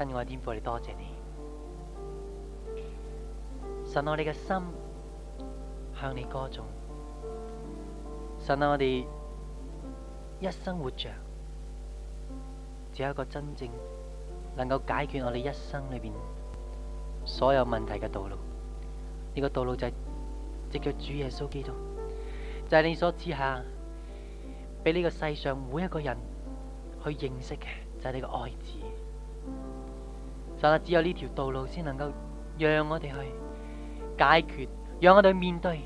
親愛天父，你多謝,謝你，神我哋嘅心向你歌頌，神啊，我哋一生活着，只有一個真正能夠解決我哋一生裏邊所有問題嘅道路，呢、這個道路就係藉着主耶穌基督，在、就是、你所指下，俾呢個世上每一個人去認識嘅就係呢個愛字。就係只有呢條道路先能夠讓我哋去解決，讓我哋面對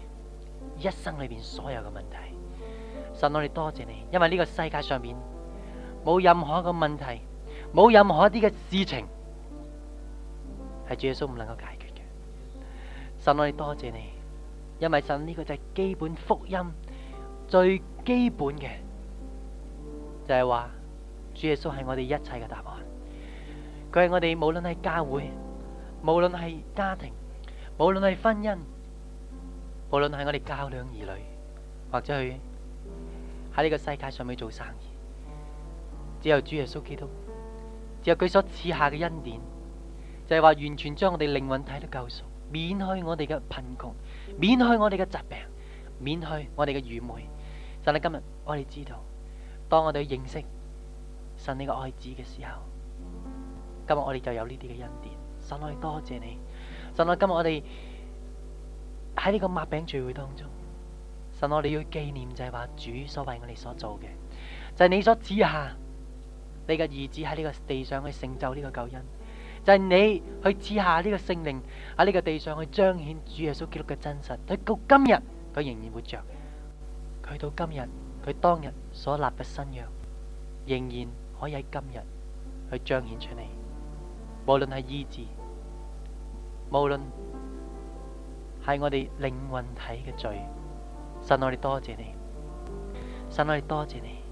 一生裏邊所有嘅問題。神，我哋多謝你，因為呢個世界上面冇任何一個問題，冇任何一啲嘅事情係主耶穌唔能夠解決嘅。神，我哋多謝你，因為神呢個就係基本福音最基本嘅，就係話主耶穌係我哋一切嘅答案。佢係我哋無論係教會，無論係家庭，無論係婚姻，無論係我哋教養兒女，或者去喺呢個世界上面做生意，只有主耶穌基督，只有佢所賜下嘅恩典，就係、是、話完全將我哋靈魂睇得救贖，免去我哋嘅貧窮，免去我哋嘅疾病，免去我哋嘅愚昧。神喺今日，我哋知道，當我哋認識神呢個愛子嘅時候。今日我哋就有呢啲嘅恩典，神我哋多謝你，神我今日我哋喺呢個擘餅聚會當中，神我哋要紀念就係話主所為我哋所做嘅，就係你所賜下你嘅兒子喺呢個地上去成就呢個救恩，就係你去賜下呢個聖靈喺呢個地上去彰顯主耶穌基督嘅真實，佢到今日佢仍然活着，佢到今日佢當日所立嘅新約仍然可以喺今日去彰顯出嚟。無論係醫治，無論係我哋靈魂體嘅罪，神我哋多謝你，神我哋多謝你，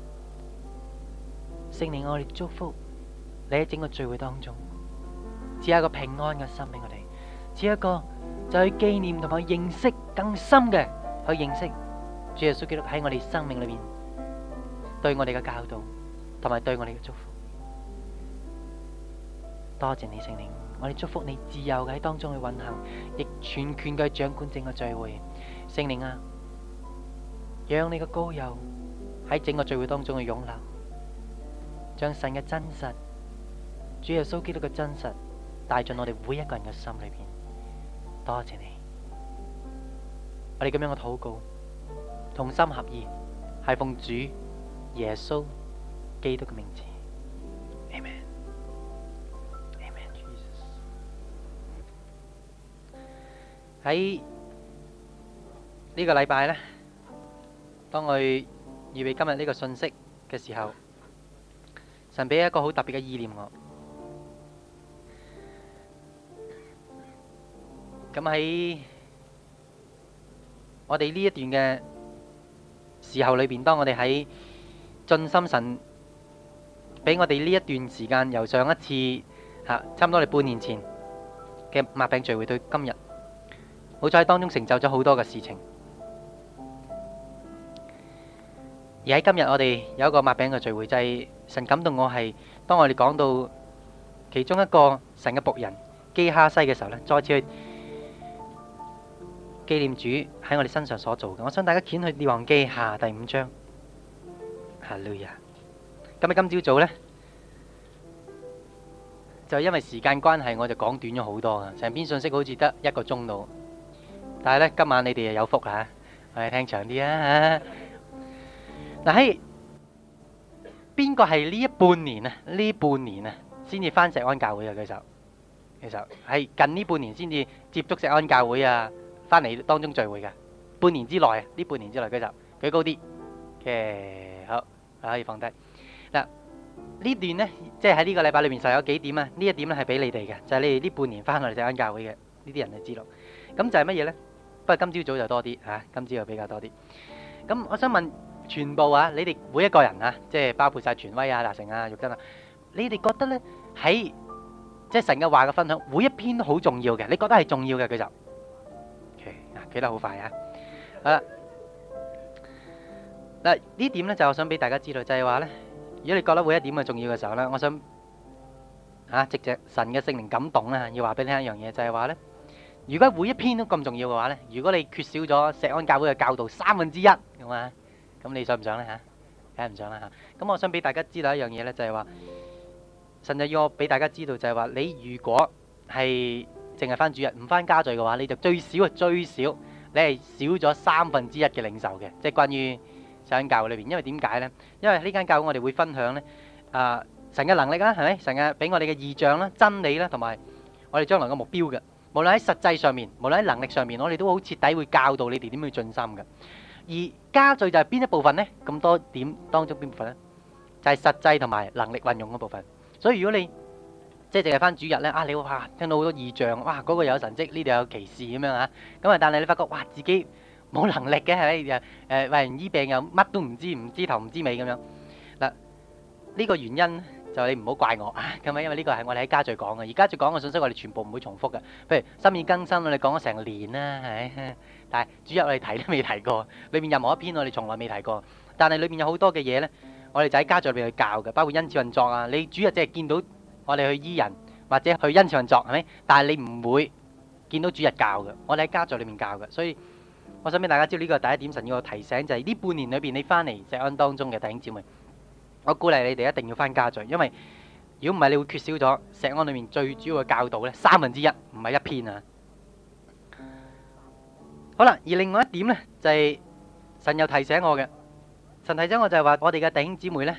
聖靈我哋祝福你喺整個聚會當中，只係一個平安嘅心俾我哋，只係一個就去紀念同埋認識更深嘅去認識主耶穌基督喺我哋生命裏面對我哋嘅教導同埋對我哋嘅祝福。多謝你聖靈，我哋祝福你自由嘅，喺當中去運行，亦全權嘅掌管整個聚會。聖靈啊，讓你嘅膏油喺整個聚會當中去湧流，將神嘅真實，主耶穌基督嘅真實，帶進我哋每一個人嘅心裏邊。多謝你，我哋咁樣嘅禱告，同心合意，係奉主耶穌基督嘅名字，阿門。喺呢個禮拜咧，當我預備今日呢個信息嘅時候，神俾一個好特別嘅意念我。咁喺我哋呢一段嘅時候裏邊，當我哋喺盡心神俾我哋呢一段時間，由上一次吓，差唔多你半年前嘅擘餅聚會到今日。好在當中成就咗好多嘅事情，而喺今日我哋有一個擘餅嘅聚會，就係神感動我係，當我哋講到其中一個神嘅僕人基哈西嘅時候咧，再次去紀念主喺我哋身上所做嘅。我想大家掀去《列王記下》第五章，哈利路亞！咁喺今朝早咧，就因為時間關係，我就講短咗好多啊！成篇信息好似得一個鐘到。但係咧，今晚你哋又有福啦！我哋聽長啲啊吓。嗱，喺邊個係呢半年啊，呢半年啊，先至翻石安教會嘅舉手。其實喺近呢半年先至接觸石安教會啊，翻嚟當中聚會嘅半年之內啊，呢半年之內舉手舉高啲。誒，好，可以放低。嗱，呢段咧，即係喺呢個禮拜裏面就有幾點啊。呢一點咧係俾你哋嘅，就係你哋呢半年翻嚟石安教會嘅呢啲人就知道。咁就係乜嘢咧？不過，今朝早就多啲嚇，今朝就比較多啲。咁我想問，全部啊，你哋每一個人啊，即係包括曬全威啊、達成啊、玉珍啊，你哋覺得咧喺即係神嘅話嘅分享，每一篇都好重要嘅。你覺得係重要嘅，佢就，OK，啊，企得好快啊。好啦，嗱呢點咧就我想俾大家知道，就係話咧，如果你覺得每一點係重要嘅時候咧，我想啊，藉著神嘅聖靈感動啊，要話俾你聽一樣嘢，就係話咧。如果每一篇都咁重要嘅話咧，如果你缺少咗錫安教會嘅教導三分之一咁啊，咁你想唔想咧吓？梗係唔想啦吓。咁我想俾大家知道一樣嘢咧，就係話神就要我俾大家知道，就係話你如果係淨係翻主日唔翻家聚嘅話，你就最少啊最少，你係少咗三分之一嘅領受嘅，即係關於錫安教會裏邊。因為點解咧？因為呢間教會我哋會分享咧，啊神嘅能力啦，係咪神嘅俾我哋嘅異象啦、真理啦，同埋我哋將來嘅目標嘅。無論喺實際上面，無論喺能力上面，我哋都好徹底會教導你哋點去進心嘅。而家罪就係邊一部分咧？咁多點當中邊部分咧？就係實際同埋能力運用嗰部分。所以如果你即係淨係返主日咧，啊你會聽到好多異象，哇嗰個有神蹟，呢度有奇事咁樣嚇，咁啊但係你發覺，哇自己冇能力嘅係誒為人醫病又乜都唔知，唔知頭唔知尾咁樣嗱，呢個原因。就你唔好怪我，咁啊，因為呢個係我哋喺家在講嘅，而家在講嘅信息我哋全部唔會重複嘅。譬如心意更新，我哋講咗成年啦，係，但係主日我哋提都未提過，裏面任何一篇我哋從來未提過。但係裏邊有好多嘅嘢咧，我哋就喺家在裏面教嘅，包括恩賜運作啊。你主日只係見到我哋去醫人或者去恩賜運作係咪？但係你唔會見到主日教嘅，我哋喺家在裏面教嘅。所以我想俾大家知道呢個第一點神要我提醒，就係呢半年裏邊你翻嚟錫安當中嘅弟兄姊妹。我鼓勵你哋一定要翻家陣，因為如果唔係，你會缺少咗《石安》裏面最主要嘅教導咧，三分之一唔係一篇啊。好啦，而另外一點咧，就係神又提醒我嘅，神提醒我就係話我哋嘅弟兄姊妹咧，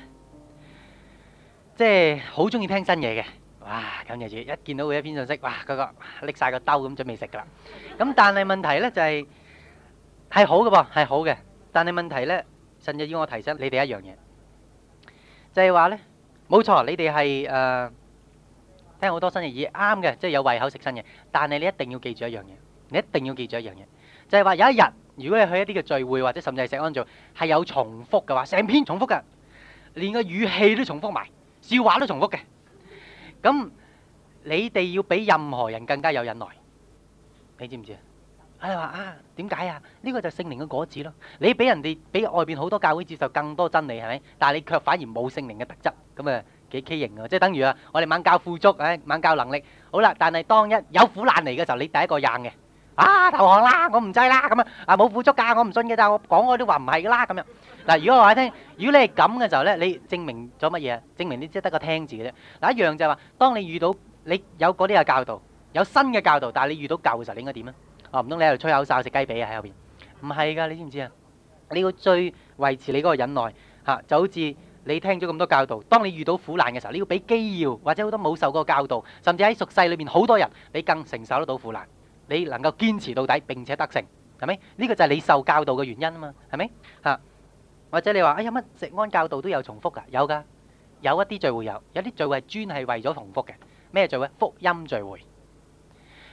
即係好中意聽新嘢嘅，哇咁樣子，一見到佢一篇信息，哇嗰個拎晒個兜咁準備食噶啦。咁但係問題咧就係係好嘅噃，係好嘅，但係問題咧神又要我提醒你哋一樣嘢。就係話呢，冇錯，你哋係誒聽好多新嘢，啱嘅，即係有胃口食新嘢。但係你一定要記住一樣嘢，你一定要記住一樣嘢，就係話有一日，如果你去一啲嘅聚會，或者甚至係食安葬，係有重複嘅話，成篇重複嘅，連個語氣都重複埋，笑話都重複嘅。咁你哋要比任何人更加有忍耐，你知唔知啊？佢話啊，點解啊？呢個就係聖靈嘅果子咯。你俾人哋俾外邊好多教會接受更多真理，係咪？但係你卻反而冇聖靈嘅特質，咁啊幾畸形嘅，即係等於啊，我哋猛教富足，唉，猛教能力好啦。但係當一有苦難嚟嘅時候，你第一個硬嘅啊投降啦，我唔濟啦，唔制啦，咁啊啊冇富足噶，我唔信嘅，但係我講嗰啲話唔係噶啦，咁樣嗱。如果我話你聽，如果你係咁嘅時候咧，你證明咗乜嘢？證明你即得個聽字嘅啫。嗱，一樣就係話，當你遇到你有嗰啲嘅教導，有新嘅教導，但係你遇到舊嘅時候，你應該點啊？阿唔通你喺度吹口哨食雞髀啊？喺後邊，唔係噶，你知唔知啊？你要最維持你嗰個忍耐，吓，就好似你聽咗咁多教導，當你遇到苦難嘅時候，你要比基要或者好多冇受過教導，甚至喺俗世裏邊好多人，你更承受得到苦難，你能夠堅持到底並且得勝，係咪？呢個就係你受教導嘅原因啊嘛，係咪？吓或者你話哎呀乜食安教導都有重複噶，有噶，有一啲聚會有，有啲聚會係專係為咗重複嘅。咩聚會？福音聚會。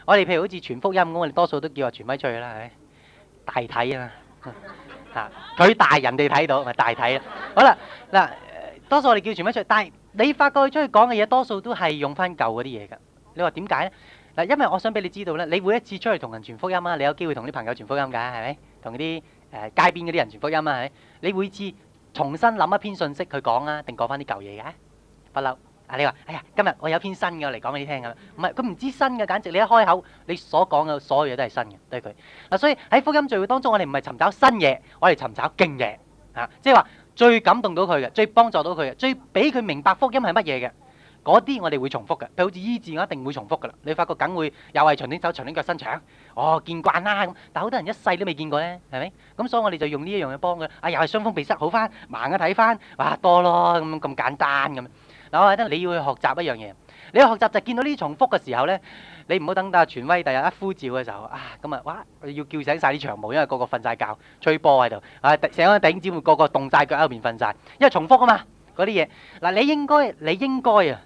我哋譬如好似傳福音咁，我哋多數都叫話傳翻出去啦，係咪大體啊！嚇，佢大人哋睇到咪大體啊！好啦，嗱，多數我哋叫傳翻出去，但係你發覺佢出去講嘅嘢，多數都係用翻舊嗰啲嘢㗎。你話點解咧？嗱，因為我想俾你知道咧，你每一次出去同人傳福音啊，你有機會同啲朋友傳福音㗎，係咪？同啲誒街邊嗰啲人傳福音啊，係你會至重新諗一篇信息去講啊，定講翻啲舊嘢㗎？不嬲。啊！你話，哎呀，今日我有篇新嘅我嚟講俾你聽咁。唔係佢唔知新嘅，簡直你一開口，你所講嘅所有嘢都係新嘅，對佢。嗱，所以喺福音聚會當中，我哋唔係尋找新嘢，我哋尋找勁嘢。啊，即係話最感動到佢嘅，最幫助到佢嘅，最俾佢明白福音係乜嘢嘅嗰啲，我哋會重複嘅。譬如好似醫治，我一定會重複噶啦。你發覺梗會又係長短手、長短腳伸長，哦，見慣啦咁。但係好多人一世都未見過咧，係咪？咁所以我哋就用呢一樣嘢幫佢。啊，又係傷風鼻塞好翻，盲嘅睇翻，哇，多咯咁咁簡單咁。嗱，我話你咧，你要去學習一樣嘢。你要學習就係見到呢重複嘅時候咧，你唔好等到阿傳威第日一呼召嘅時候啊，咁啊，哇，要叫醒曬啲長毛，因為個個瞓曬覺，吹波喺度啊，成個頂子會個個凍曬腳喺入面瞓曬，因為重複啊嘛嗰啲嘢嗱，你應該你應該啊，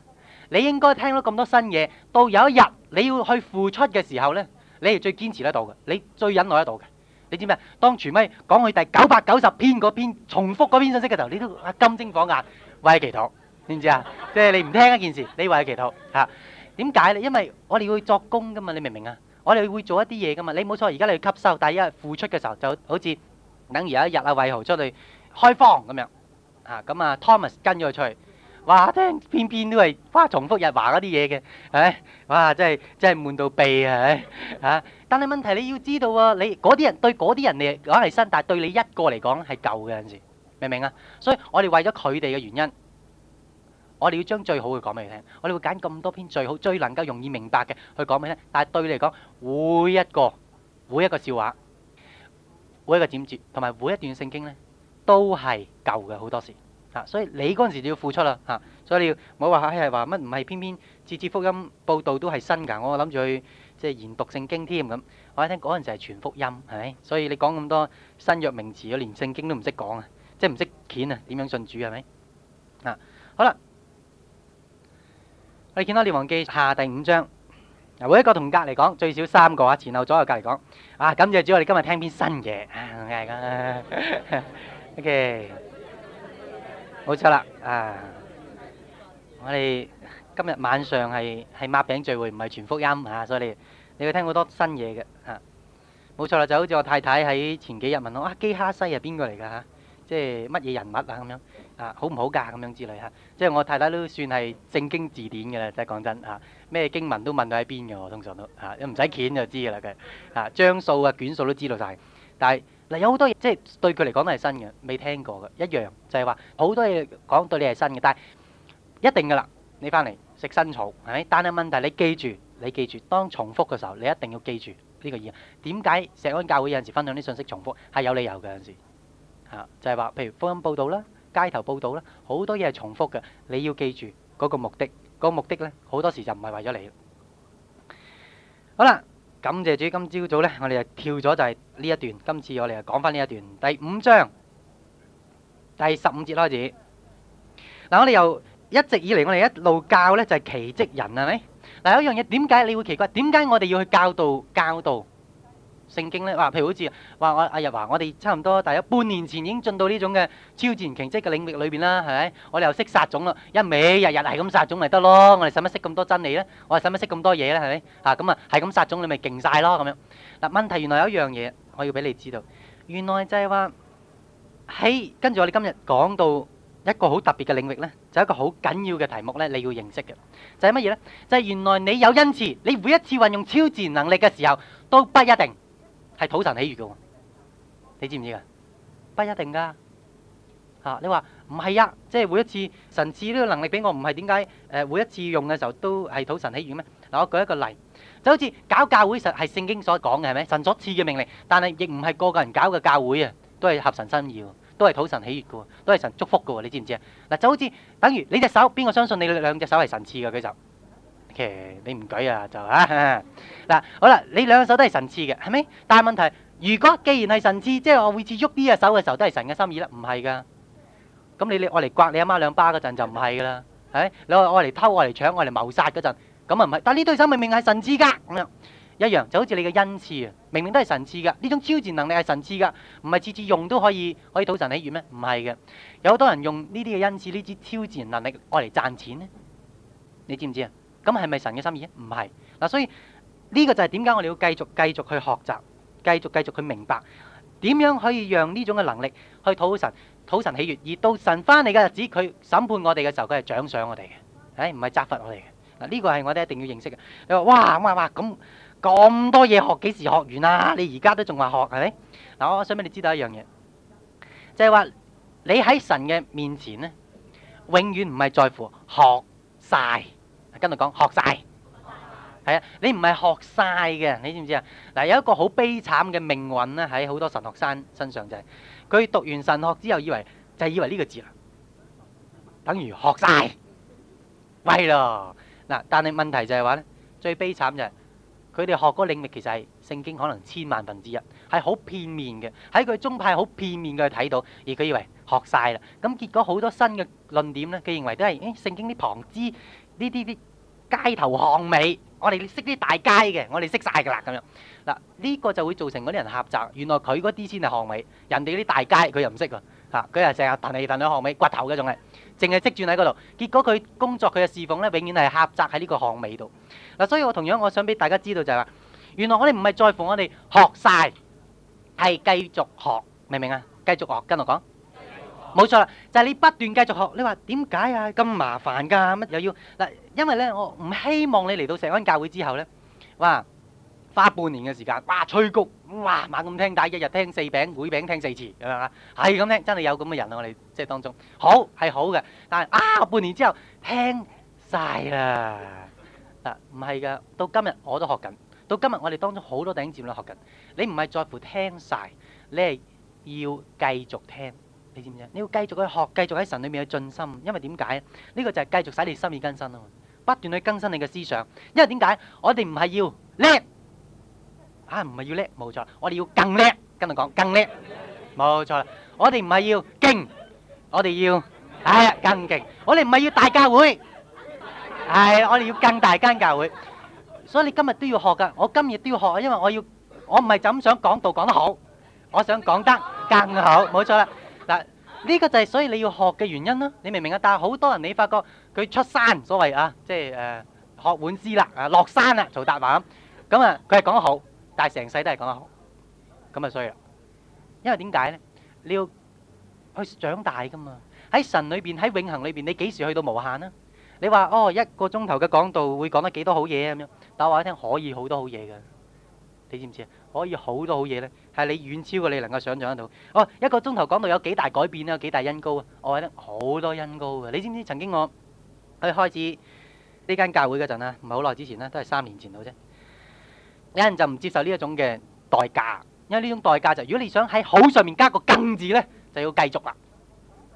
你應該聽到咁多新嘢，到有一日你要去付出嘅時候咧，你係最堅持得到嘅，你最忍耐得到嘅。你知咩？當傳威講去第九百九十篇嗰篇重複嗰篇信息嘅時候，你都金睛火眼，喺祈禱。點知啊？即係你唔聽一件事，你話係祈禱嚇？點解咧？因為我哋會作工㗎嘛，你明唔明啊？我哋會做一啲嘢㗎嘛？你冇錯，而家你去吸收，但係一付出嘅時候就好似等於有一日，阿偉豪出去開荒咁樣嚇。咁啊，Thomas 跟咗佢出去，話聽，偏偏都係花重複日話嗰啲嘢嘅，係咪？哇！真係真係悶到痹啊！嚇，但係問題你要知道啊，你嗰啲人對嗰啲人嚟講係新，但係對你一個嚟講係舊嘅陣時，明唔明啊？所以我哋為咗佢哋嘅原因。我哋要將最好嘅，講俾你聽，我哋會揀咁多篇最好、最能夠容易明白嘅去講俾你聽。但係對你嚟講，每一個、每一個笑話、每一個點綴，同埋每一段聖經呢，都係舊嘅好多時。吓，所以你嗰陣時就要付出啦。吓，所以你要唔好話喺係話乜唔係偏偏次次福音報道都係新噶。我諗住去即係研讀聖經添咁。我一聽嗰陣時係全福音，係咪？所以你講咁多新約名詞，我連聖經都唔識講啊，即係唔識鉗啊，點樣信主係咪？啊，好啦。我哋見到《列王記》下第五章，每一個同隔籬講最少三個啊，前後左右隔籬講啊。感謝主，我哋今日聽啲新嘢，梗係啦。OK，冇錯啦。啊，我哋今日晚上係係孖餅聚會，唔係全福音嚇，所以你你要聽好多新嘢嘅嚇。冇錯啦，就好似我太太喺前幾日問我啊，基哈西係邊個嚟㗎嚇？即係乜嘢人物啊咁樣啊，好唔好噶咁樣之類嚇？即係我太太都算係正經字典嘅啦，即係講真嚇。咩經文都問到喺邊嘅喎，通常都嚇，唔使攰就知嘅啦嘅嚇。張數啊，卷數都知道晒。但係嗱，有好多嘢即係對佢嚟講都係新嘅，未聽過嘅。一樣就係話好多嘢講對你係新嘅，但係一定嘅啦。你翻嚟食新草，係咪？但係問題你記住，你記住，當重複嘅時候，你一定要記住呢個嘢。點解石安教會有時分享啲信息重複係有理由嘅？有時。啊，就係話，譬如福音報道啦，街頭報道啦，好多嘢係重複嘅，你要記住嗰個目的，嗰個目的呢，好多時就唔係為咗你。好啦，感謝主，今朝早呢，我哋就跳咗就係呢一段，今次我哋就講翻呢一段，第五章第十五節開始。嗱，我哋由一直以嚟，我哋一路教呢就係奇蹟人係咪？嗱，有一樣嘢，點解你會奇怪？點解我哋要去教導教導？正經咧話，譬如好似話我阿日華，我哋差唔多，大約有半年前已經進到呢種嘅超自然奇蹟嘅領域裏邊啦，係咪？我哋又識殺種啦，一味日日係咁殺種咪得咯？我哋使乜識咁多真理咧？我哋使乜識咁多嘢咧？係咪啊？咁啊，係咁殺種你咪勁曬咯，咁樣嗱。問題原來有一樣嘢我要俾你知道，原來就係話喺跟住我哋今日講到一個好特別嘅領域咧，就一個好緊要嘅題目咧，你要認識嘅就係乜嘢咧？就係原來你有恩賜，你每一次運用超自然能力嘅時候都不一定。係討神喜悦嘅，你知唔知啊？不一定噶，啊你話唔係呀？即係每一次神賜呢個能力俾我，唔係點解誒每一次用嘅時候都係討神喜悦咩？嗱，我舉一個例，就好似搞教會實係聖經所講嘅係咪？神所賜嘅命令，但係亦唔係個個人搞嘅教會啊，都係合神心意，都係討神喜悦嘅，都係神祝福嘅，你知唔知啊？嗱，就好似等於你隻手，邊個相信你兩隻手係神賜嘅佢就？Okay，你唔舉啊就嚇、啊、嗱 好啦，你兩手都係神賜嘅，係咪？但係問題，如果既然係神賜，即係我每次喐呢隻手嘅時候都係神嘅心意啦，唔係噶。咁你你愛嚟刮你阿媽兩巴嗰陣就唔係噶啦，係你話愛嚟偷、愛嚟搶、愛嚟謀殺嗰陣，咁啊唔係。但係呢對手明明係神賜噶、嗯，一樣就好似你嘅恩賜啊，明明都係神賜噶。呢種超自然能力係神賜噶，唔係次次用都可以可以討神喜悅咩？唔係嘅，有好多人用呢啲嘅恩賜、呢支超自然能力愛嚟賺錢呢，你知唔知啊？咁係咪神嘅心意咧？唔係嗱，所以呢個就係點解我哋要繼續繼續去學習，繼續繼續去明白，點樣可以讓呢種嘅能力去討神討神喜悅，而到神翻嚟嘅日子，佢審判我哋嘅時候，佢係獎賞我哋嘅，誒，唔係責罰我哋嘅嗱。呢個係我哋一定要認識嘅。你話哇咁啊，咁咁多嘢學，幾時學完啊？你而家都仲話學係咪？嗱，我想俾你知道一樣嘢，就係話你喺神嘅面前咧，永遠唔係在乎學晒。跟住講學晒，係啊，你唔係學晒嘅，你知唔知啊？嗱，有一個好悲慘嘅命運咧，喺好多神學生身上就係，佢讀完神學之後，以為就係，以為呢個字啊，等於學晒，喂咯嗱。但係問題就係話咧，最悲慘就係佢哋學嗰領域其實係聖經可能千萬分之一，係好片面嘅，喺佢宗派好片面嘅睇到，而佢以為學晒啦。咁結果好多新嘅論點咧，佢認為都係誒聖經啲旁枝。呢啲啲街頭巷尾，我哋識啲大街嘅，我哋識晒噶啦咁樣。嗱，呢個就會造成嗰啲人狹窄。原來佢嗰啲先係巷尾，人哋啲大街佢又唔識噶嚇，佢又成日彈嚟彈去巷尾掘頭嘅仲係，淨係積住喺嗰度。結果佢工作佢嘅侍奉咧，永遠係狹窄喺呢個巷尾度。嗱，所以我同樣我想俾大家知道就係話，原來我哋唔係在乎我哋學晒，係繼續學，明唔明啊？繼續學，跟我講。冇錯啦，就係你不斷繼續學。你話點解啊？咁麻煩㗎？乜又要嗱？因為咧，我唔希望你嚟到石安教會之後咧，哇，花半年嘅時間，哇，催谷，哇，猛咁聽，但係一日聽四餅，每餅聽四次，係咪啊？係咁聽，真係有咁嘅人啊！我哋即係當中，好係好嘅，但係啊，半年之後聽晒啦，嗱，唔係噶，到今日我都學緊，到今日我哋當中好多弟兄姊妹學緊，你唔係在乎聽晒，你係要繼續聽。你知唔知？你要繼續去學，繼續喺神裏面去進心，因為點解？呢個就係繼續使你心意更新啊嘛，不斷去更新你嘅思想。因為點解？我哋唔係要叻啊，唔係要叻，冇錯。我哋要更叻，跟住講，更叻，冇錯啦。我哋唔係要勁，我哋要哎呀更勁。我哋唔係要大教會，係我哋要更大間教會。所以你今日都要學㗎，我今日都要學，因為我要，我唔係就咁想講道講得好，我想講得更好，冇錯啦。呢個就係所以你要學嘅原因啦，你明唔明啊？但係好多人你發覺佢出山，所謂啊，即係誒學碗師啦，啊落山啦，做答話咁。咁啊，佢係講得好，但係成世都係講得好。咁咪衰啊？因為點解咧？你要去長大噶嘛？喺神裏邊，喺永恆裏邊，你幾時去到無限啊？你話哦，一個鐘頭嘅講道會講得幾多好嘢咁樣？但我話你聽，可以好多好嘢嘅，你知唔知啊？可以好多好嘢咧。係你遠超過你能夠想像得到。哦，一個鐘頭講到有幾大改變啊，幾大恩高啊，我覺得好多恩高嘅。你知唔知曾經我去開始呢間教會嗰陣啊，唔係好耐之前啦，都係三年前到啫。有人就唔接受呢一種嘅代價，因為呢種代價就如果你想喺好上面加個更字呢，就要繼續啦。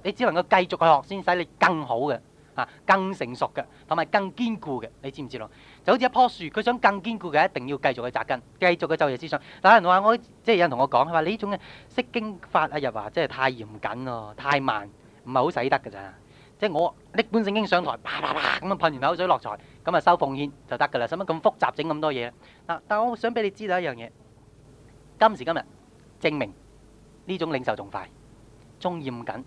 你只能夠繼續去學，先使你更好嘅。啊，更成熟嘅，同埋更堅固嘅，你知唔知咯？就好似一棵樹，佢想更堅固嘅，一定要繼續去紮根，繼續嘅就業思想。有人話我，即係有人同我講，佢話你呢種嘅釋經法又話，真係太嚴謹咯，太慢，唔係好使得㗎咋。即係我拎本聖經上台，啪啪啪咁樣噴完口水落台，咁啊收奉獻就得㗎啦。使乜咁複雜整咁多嘢？嗱，但係我想俾你知道一樣嘢，今時今日證明呢種領受仲快，仲嚴謹。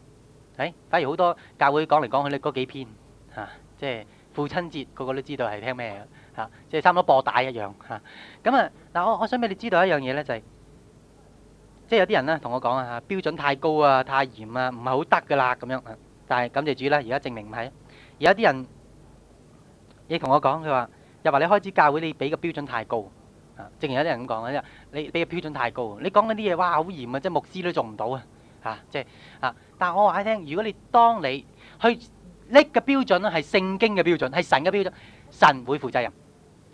誒，反而好多教會講嚟講去咧嗰幾篇。嚇、啊，即係父親節，個個都知道係聽咩嘅嚇，即係差唔多播帶一樣嚇。咁啊，嗱，我我想俾你知道一樣嘢咧，就係即係有啲人咧同我講啊嚇，標準太高啊，太嚴啊，唔係好得噶啦咁樣、啊、但係感謝主啦，而家證明唔係。而家啲人你同我講，佢話又話你開支教會，你俾個標準太高、啊、正如有啲人咁講啦，你俾個標準太高，你講緊啲嘢哇好嚴啊，即係牧師都做唔到啊嚇，即係嚇、啊。但係我話你聽，如果你當你去。呢個標準咧係聖經嘅標準，係神嘅標準，神會負責任。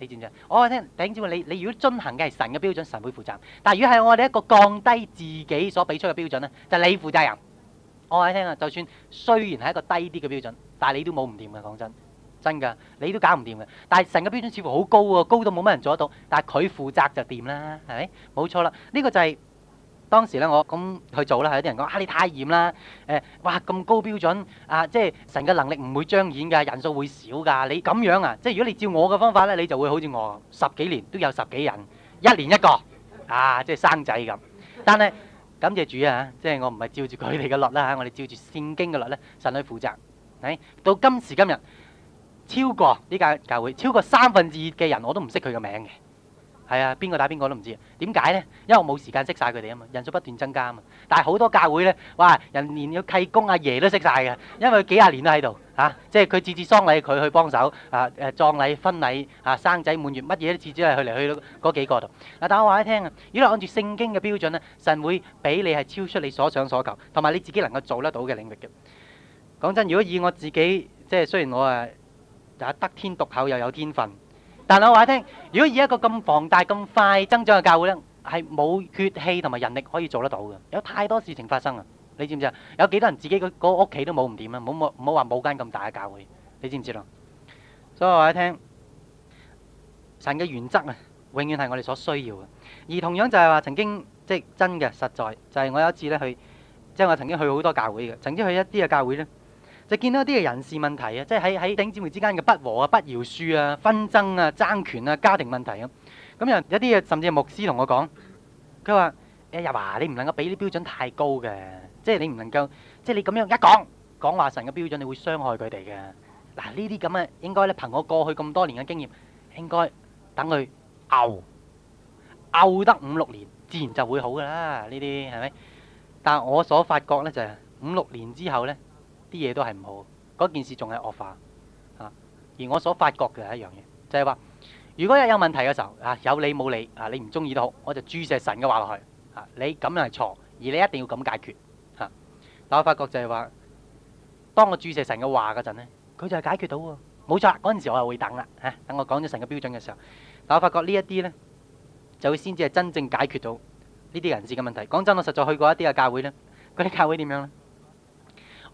你知唔知我話你聽弟兄姊妹，你你如果遵行嘅係神嘅標準，神會負責，但如果係我哋一個降低自己所俾出嘅標準咧，就你負責任。我話你聽啊，就算雖然係一個低啲嘅標準，但係你都冇唔掂嘅，講真，真㗎，你都搞唔掂嘅。但係神嘅標準似乎好高喎，高到冇乜人做得到。但係佢負責就掂啦，係咪？冇錯啦，呢個就係。當時咧，我咁去做啦。有啲人講：啊，你太嚴啦！誒、呃，哇咁高標準啊！即係神嘅能力唔會彰顯㗎，人數會少㗎。你咁樣啊！即係如果你照我嘅方法咧，你就會好似我十幾年都有十幾人，一年一個啊！即係生仔咁。但係感謝主啊！即係我唔係照住佢哋嘅律啦嚇，我哋照住聖經嘅律咧，神去負責。係、哎、到今時今日，超過呢間教會超過三分之二嘅人我都唔識佢嘅名嘅。係啊，邊個打邊個都唔知啊！點解咧？因為我冇時間識曬佢哋啊嘛，人數不斷增加啊嘛。但係好多教會咧，哇！人連個契公阿爺都識曬嘅，因為佢幾廿年都喺度嚇，即係佢次次喪禮佢去幫手啊！誒葬禮、婚禮啊、生仔滿月，乜嘢都次次係去嚟去到嗰幾個度。嗱，但我話你聽啊，如果按照聖經嘅標準咧，神會俾你係超出你所想所求，同埋你自己能夠做得到嘅領域嘅。講真，如果以我自己即係雖然我啊也得天獨厚又有天分。但係我話你聽，如果以一個咁龐大、咁快增長嘅教會咧，係冇血氣同埋人力可以做得到嘅，有太多事情發生啊！你知唔知啊？有幾多人自己個屋企都冇唔掂啦！冇冇唔好話冇間咁大嘅教會，你知唔知咯？所以我話你聽，神嘅原則啊，永遠係我哋所需要嘅。而同樣就係話，曾經即係真嘅、實在，就係我有一次咧去，即係我曾經去好多教會嘅，曾經去一啲嘅教會咧。就見到啲嘅人事問題啊，即係喺喺弟兄姊妹之間嘅不和啊、不饒恕啊、紛爭啊、爭權啊、家庭問題啊，咁有有啲嘢甚至牧師同我講，佢話：誒呀，你唔能夠俾啲標準太高嘅，即係你唔能夠，即係你咁樣一講講話神嘅標準，你會傷害佢哋嘅。嗱呢啲咁嘅應該咧，憑我過去咁多年嘅經驗，應該等佢拗拗得五六年，自然就會好噶啦。呢啲係咪？但我所發覺咧，就係五六年之後咧。啲嘢都係唔好，嗰件事仲係惡化，啊，而我所發覺嘅係一樣嘢，就係、是、話，如果有問題嘅時候，啊，有理冇理，啊，你唔中意都好，我就注射神嘅話落去，啊，你咁樣係錯，而你一定要咁解決，啊，但我發覺就係話，當我注射神嘅話嗰陣呢，佢就係解決到喎，冇錯，嗰陣時我就會等啦，啊，等我講咗神嘅標準嘅時候，但我發覺呢一啲呢，就會先至係真正解決到呢啲人士嘅問題。講真，我實在去過一啲嘅教會呢，嗰啲教會點樣呢？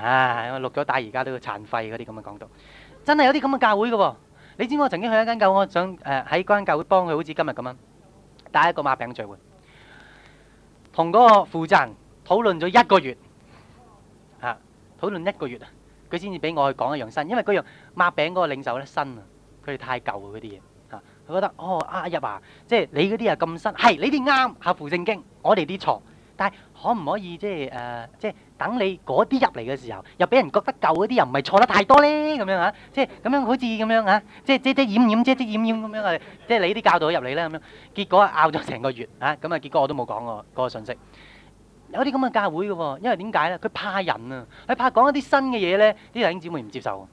啊！我錄咗帶，而家都要殘廢嗰啲咁嘅講道，真係有啲咁嘅教會嘅喎。你知我曾經去一間教，我想誒喺嗰間教會幫佢，好似今日咁樣帶一個馬餅聚會，同嗰個負責人討論咗一個月嚇、啊，討論一個月啊，佢先至俾我去講一樣新，因為嗰樣馬餅嗰個領袖咧新啊，佢哋太舊嗰啲嘢嚇，佢覺得哦阿阿、啊、入啊，即係你嗰啲啊咁新，係你啲啱合乎聖經，我哋啲錯，但係可唔可以、呃、即係誒即係？等你嗰啲入嚟嘅時候，又俾人覺得舊嗰啲又唔係錯得太多咧，咁樣啊，即係咁樣好似咁樣啊，即係遮遮掩掩，遮遮掩掩咁樣啊，即係你啲教導入嚟咧咁樣，結果拗咗成個月啊，咁啊結果我都冇講過嗰個信息，有啲咁嘅教會嘅喎，因為點解咧？佢怕人啊，佢怕講一啲新嘅嘢咧，啲弟兄姊妹唔接受、啊，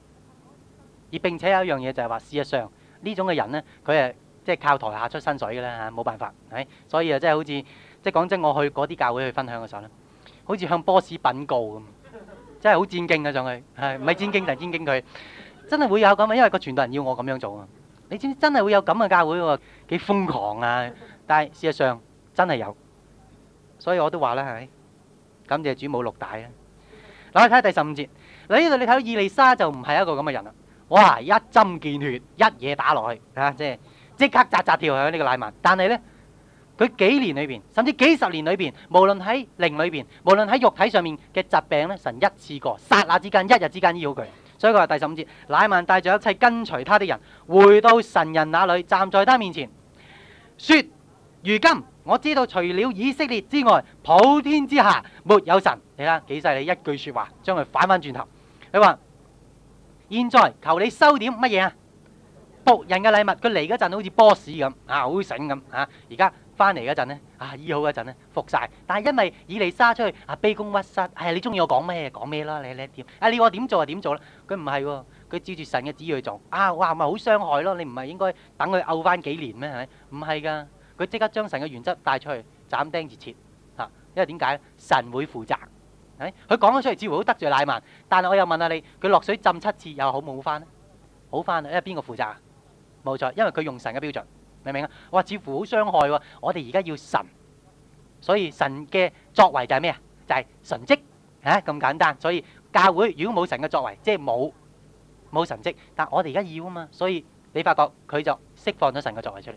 而並且有一樣嘢就係話事實上呢種嘅人咧，佢係即係靠台下出薪水嘅啦，冇辦法係，所以啊，即係好似即係講真，我去嗰啲教會去分享嘅時候咧。好似向波斯禀告咁，真係好戰兢啊！上去係唔係戰兢？定係戰兢？佢真係會有咁啊！因為個傳道人要我咁樣做啊！你知唔知真係會有咁嘅教會喎？幾瘋狂啊！但係事實上真係有，所以我都話啦，係感謝主冇落大啊！嗱，你睇下第十五節嗱，呢度你睇到以利沙就唔係一個咁嘅人啦！哇，一針見血，一嘢打落去啊，即係即刻扎扎跳響呢個乃縵，但係咧。佢幾年裏邊，甚至幾十年裏邊，無論喺靈裏邊，無論喺肉體上面嘅疾病咧，神一次過剎那之間，一日之間醫好佢。所以佢話第十五節，乃曼帶着一切跟隨他的人，回到神人那裏，站在他面前，說：如今我知道除了以色列之外，普天之下沒有神你看。你睇下幾犀利，一句話將他他說話將佢反翻轉頭。你話：現在求你收點乜嘢啊？僕人嘅禮物，佢嚟嗰陣都好似 boss 咁，吓好醒咁，吓而家。翻嚟嗰陣咧，啊醫好嗰陣咧，復晒。但係因為以利沙出去啊卑躬屈膝，哎呀你中意我講咩講咩啦，你叻點？啊你話點做就點做啦。佢唔係喎，佢照住神嘅旨意去做。啊哇，咪好傷害咯！你唔係應該等佢漚翻幾年咩？係咪？唔係噶，佢即刻將神嘅原則帶出去，斬釘截鐵。嚇、啊。因為點解咧？神會負責。唉，佢講咗出嚟，似乎好得罪乃曼。但係我又問下你，佢落水浸七次，又好冇翻？好翻啦，因為邊個負責、啊？冇錯，因為佢用神嘅標準。明唔明啊？哇，似乎好傷害喎、啊！我哋而家要神，所以神嘅作為就係咩、就是、啊？就係神蹟，吓，咁簡單。所以教會如果冇神嘅作為，即係冇冇神蹟，但我哋而家要啊嘛。所以你發覺佢就釋放咗神嘅作為出嚟，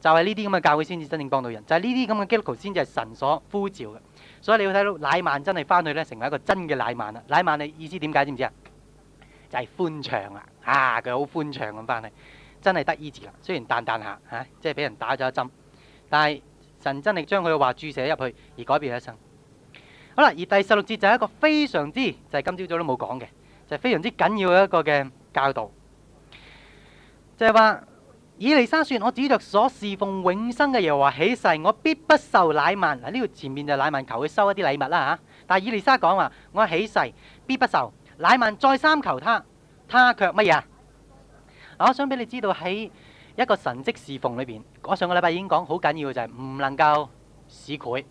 就係呢啲咁嘅教會先至真正幫到人。就係呢啲咁嘅基督徒先至係神所呼召嘅。所以你要睇到乃曼真係翻去咧，成為一個真嘅乃曼啦。乃曼你意思點解？知唔知啊？就係、是、寬敞啊！啊，佢好寬敞咁翻去。真係得醫治啦，雖然彈彈下吓、啊，即係俾人打咗一針，但係神真係將佢嘅話注射入去而改變他一生。好啦，而第十六節就係一個非常之就係今朝早都冇講嘅，就係、是就是、非常之緊要嘅一個嘅教導，就係、是、話以利沙說：我指着所侍奉永生嘅耶和華起誓，我必不受乃曼。嗱呢度前面就乃曼求佢收一啲禮物啦吓、啊，但係以利沙講話我起誓必不受乃曼再三求他，他卻乜嘢啊？我想俾你知道喺一個神職侍奉裏邊，我上個禮拜已經講好緊要嘅就係唔能夠使賄。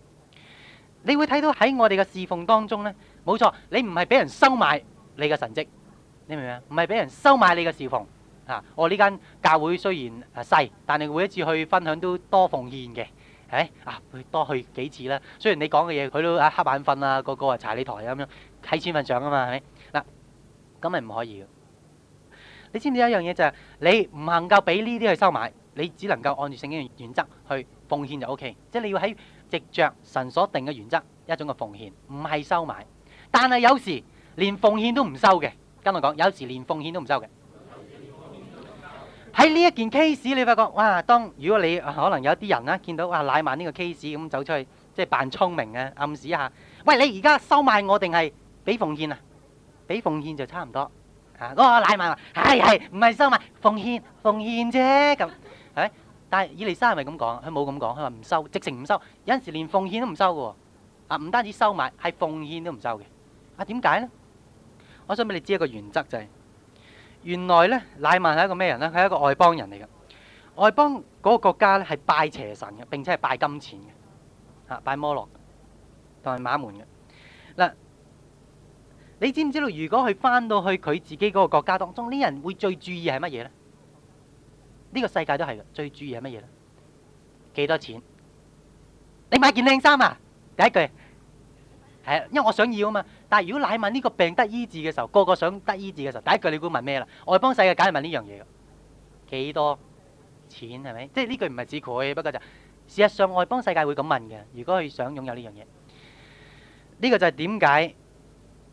你會睇到喺我哋嘅侍奉當中呢，冇錯，你唔係俾人收買你嘅神職，你明唔明啊？唔係俾人收買你嘅侍奉。啊，我，呢間教會雖然細，但係每一次去分享都多奉獻嘅，係啊？會多去幾次啦。雖然你講嘅嘢，佢都瞌眼瞓啊，個個啊踩你台咁樣，睇錢份上啊嘛，係咪？嗱，咁咪唔可以嘅。你知唔知有一樣嘢就係你唔能夠俾呢啲去收買，你只能夠按照聖經原則去奉獻就 O K，即係你要喺藉着神所定嘅原則一種嘅奉獻，唔係收買。但係有時連奉獻都唔收嘅，跟我講，有時連奉獻都唔收嘅。喺呢一件 case 你發覺哇，當如果你可能有啲人啦見到哇奶曼呢個 case 咁走出去，即係扮聰明啊，暗示一下，喂你而家收買我定係俾奉獻啊？俾奉獻就差唔多。啊！嗰個乃縵話：係係，唔係收埋，奉獻奉獻啫。咁係，但係以利沙係咪咁講？佢冇咁講，佢話唔收，直情唔收。有陣時連奉獻都唔收嘅。啊，唔單止收埋，係奉獻都唔收嘅。啊，點解咧？我想俾你知一個原則就係，原來咧，乃縵係一個咩人咧？佢係一個外邦人嚟嘅，外邦嗰個國家咧係拜邪神嘅，並且係拜金錢嘅，啊拜摩洛同埋馬門嘅。嗱。你知唔知道？如果佢翻到去佢自己嗰個國家當中，呢人會最注意係乜嘢呢？呢個世界都係嘅，最注意係乜嘢咧？幾多錢？你買件靚衫啊！第一句係因為我想要啊嘛。但係如果乃縵呢個病得醫治嘅時候，個個想得醫治嘅時候，第一句你估問咩啦？外邦世界梗係問呢樣嘢嘅，幾多錢係咪？即係呢句唔係指佢，不過就事實上外邦世界會咁問嘅。如果佢想擁有呢樣嘢，呢個就係點解？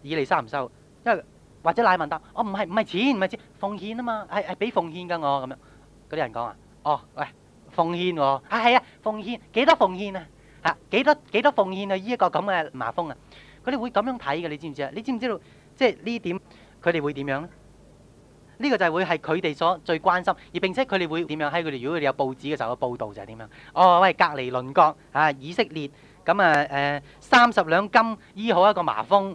以嚟收唔收，因為或者賴文答，我唔係唔係錢，唔係錢，奉獻啊嘛，係係俾奉獻㗎。我咁樣嗰啲人講啊，哦喂，奉獻喎啊，係啊，啊，奉獻幾多奉獻啊嚇，幾多幾多奉獻啊？依、啊、一、啊這個咁嘅麻風啊，佢哋會咁樣睇嘅，你知唔知啊？你知唔知道即係呢點佢哋會點樣呢？呢、這個就係會係佢哋所最關心，而並且佢哋會點樣喺佢哋如果佢哋有報紙嘅時候報導就係點樣？哦，喂，隔離鄰國啊，以色列咁啊誒、啊，三十兩金醫好一個麻風。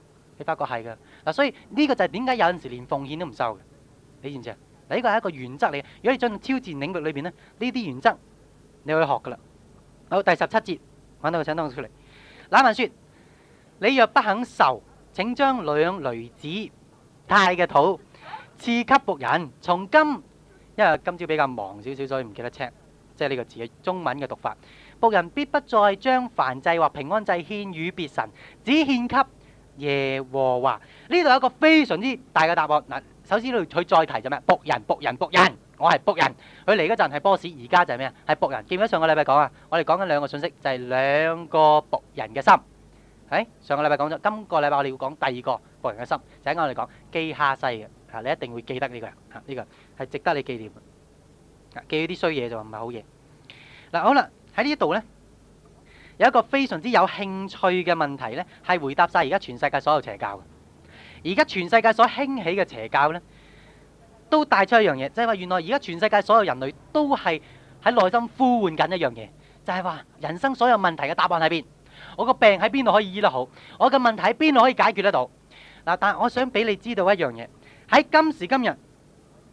你發覺係噶嗱，所以呢個就係點解有陣時連奉獻都唔受嘅，你知唔知啊？呢個係一個原則嚟嘅。如果你進入超自然領域裏邊咧，呢啲原則你去學噶啦。好，第十七節揾到個請單出嚟。乃縵説：你若不肯受，請將兩騾子馱嘅土賜給僕人。從今因為今朝比較忙少少，所以唔記得 check 即係呢個字嘅中文嘅讀法。僕人必不再將燔祭或平安祭獻與別神，只獻給。耶和華呢度有一個非常之大嘅答案嗱，首先佢再提就咩？僕人，僕人，僕人，我係僕人。佢嚟嗰陣係 boss，而家就係咩啊？係僕人。記唔記得上個禮拜講啊，我哋講緊兩個信息，就係兩個僕人嘅心。喺上個禮拜講咗，今個禮拜我哋要講第二個僕人嘅心，就喺我哋講基哈西嘅吓，你一定會記得呢個人吓，呢個係值得你紀念。記啲衰嘢就唔係好嘢。嗱好啦，喺呢一度咧。有一個非常之有興趣嘅問題呢，係回答晒而家全世界所有邪教。而家全世界所興起嘅邪教呢，都帶出一樣嘢，就係話原來而家全世界所有人類都係喺內心呼喚緊一樣嘢，就係話人生所有問題嘅答案喺邊，我個病喺邊度可以醫得好，我嘅問題喺邊度可以解決得到。嗱，但係我想俾你知道一樣嘢，喺今時今日，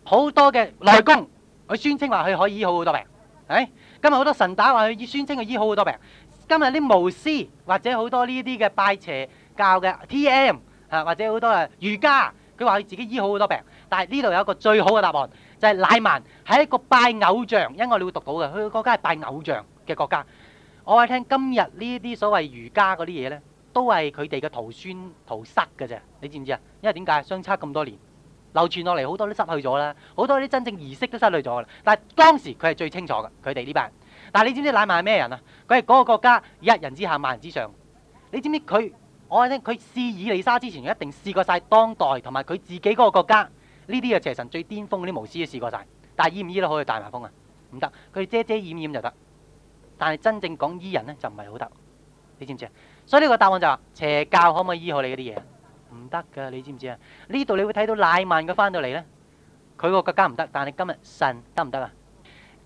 好多嘅內功佢宣稱話佢可以醫好好多病，誒，今日好多神打話佢宣稱佢醫好好多病。今日啲巫師或者好多呢啲嘅拜邪教嘅 T.M. 啊，或者好多啊瑜伽，佢話佢自己醫好多病。但係呢度有個最好嘅答案，就係乃縵係一個拜偶像，因為你會讀到嘅，佢個國家係拜偶像嘅國家。我話你聽今日呢啲所謂瑜伽嗰啲嘢咧，都係佢哋嘅徒孫徒失㗎啫。你知唔知啊？因為點解相差咁多年，流傳落嚟好多都失去咗啦，好多啲真正儀式都失去咗啦。但係當時佢係最清楚嘅，佢哋呢班人。但係你知唔知乃曼係咩人啊？佢係嗰個國家一人之下萬人之上。你知唔知佢？我話咧，佢試以利沙之前，一定試過晒當代同埋佢自己嗰個國家呢啲啊，邪神最巔峰嗰啲巫師都試過晒。但係醫唔醫得好大麻風啊？唔得，佢遮遮掩掩就得。但係真正講醫人呢，就唔係好得。你知唔知啊？所以呢個答案就話，是，邪教可唔可以醫好你嗰啲嘢？唔得噶，你知唔知啊？呢度你會睇到乃曼佢翻到嚟呢，佢個國家唔得，但係今日神得唔得啊？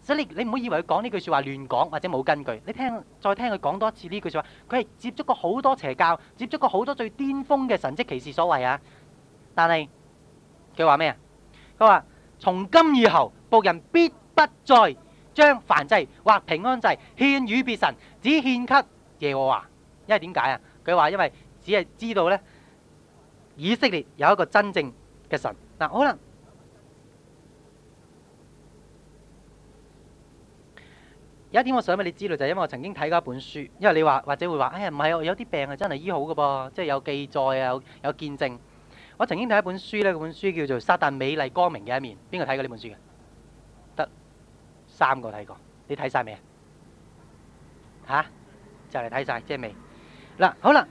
所以你，你唔好以為佢講呢句說話亂講或者冇根據，你聽再聽佢講多次呢句說話，佢係接觸過好多邪教，接觸過好多最巔峰嘅神蹟奇事所謂啊！但係佢話咩啊？佢話，從今以後，僕人必不再將燔祭或平安祭獻與別神，只獻給耶和華。因為點解啊？佢話因為只係知道呢，以色列有一個真正嘅神。嗱，可能。有一點我想俾你知道，就係因為我曾經睇過一本書，因為你話或者會話，哎呀唔係，有啲病係真係醫好嘅噃，即係有記載啊，有有見證。我曾經睇一本書呢，嗰本書叫做《撒旦美麗光明嘅一面》。邊個睇過呢本書嘅？得三個睇過，你睇晒未啊？嚇，就嚟睇晒，即係未？嗱，好啦，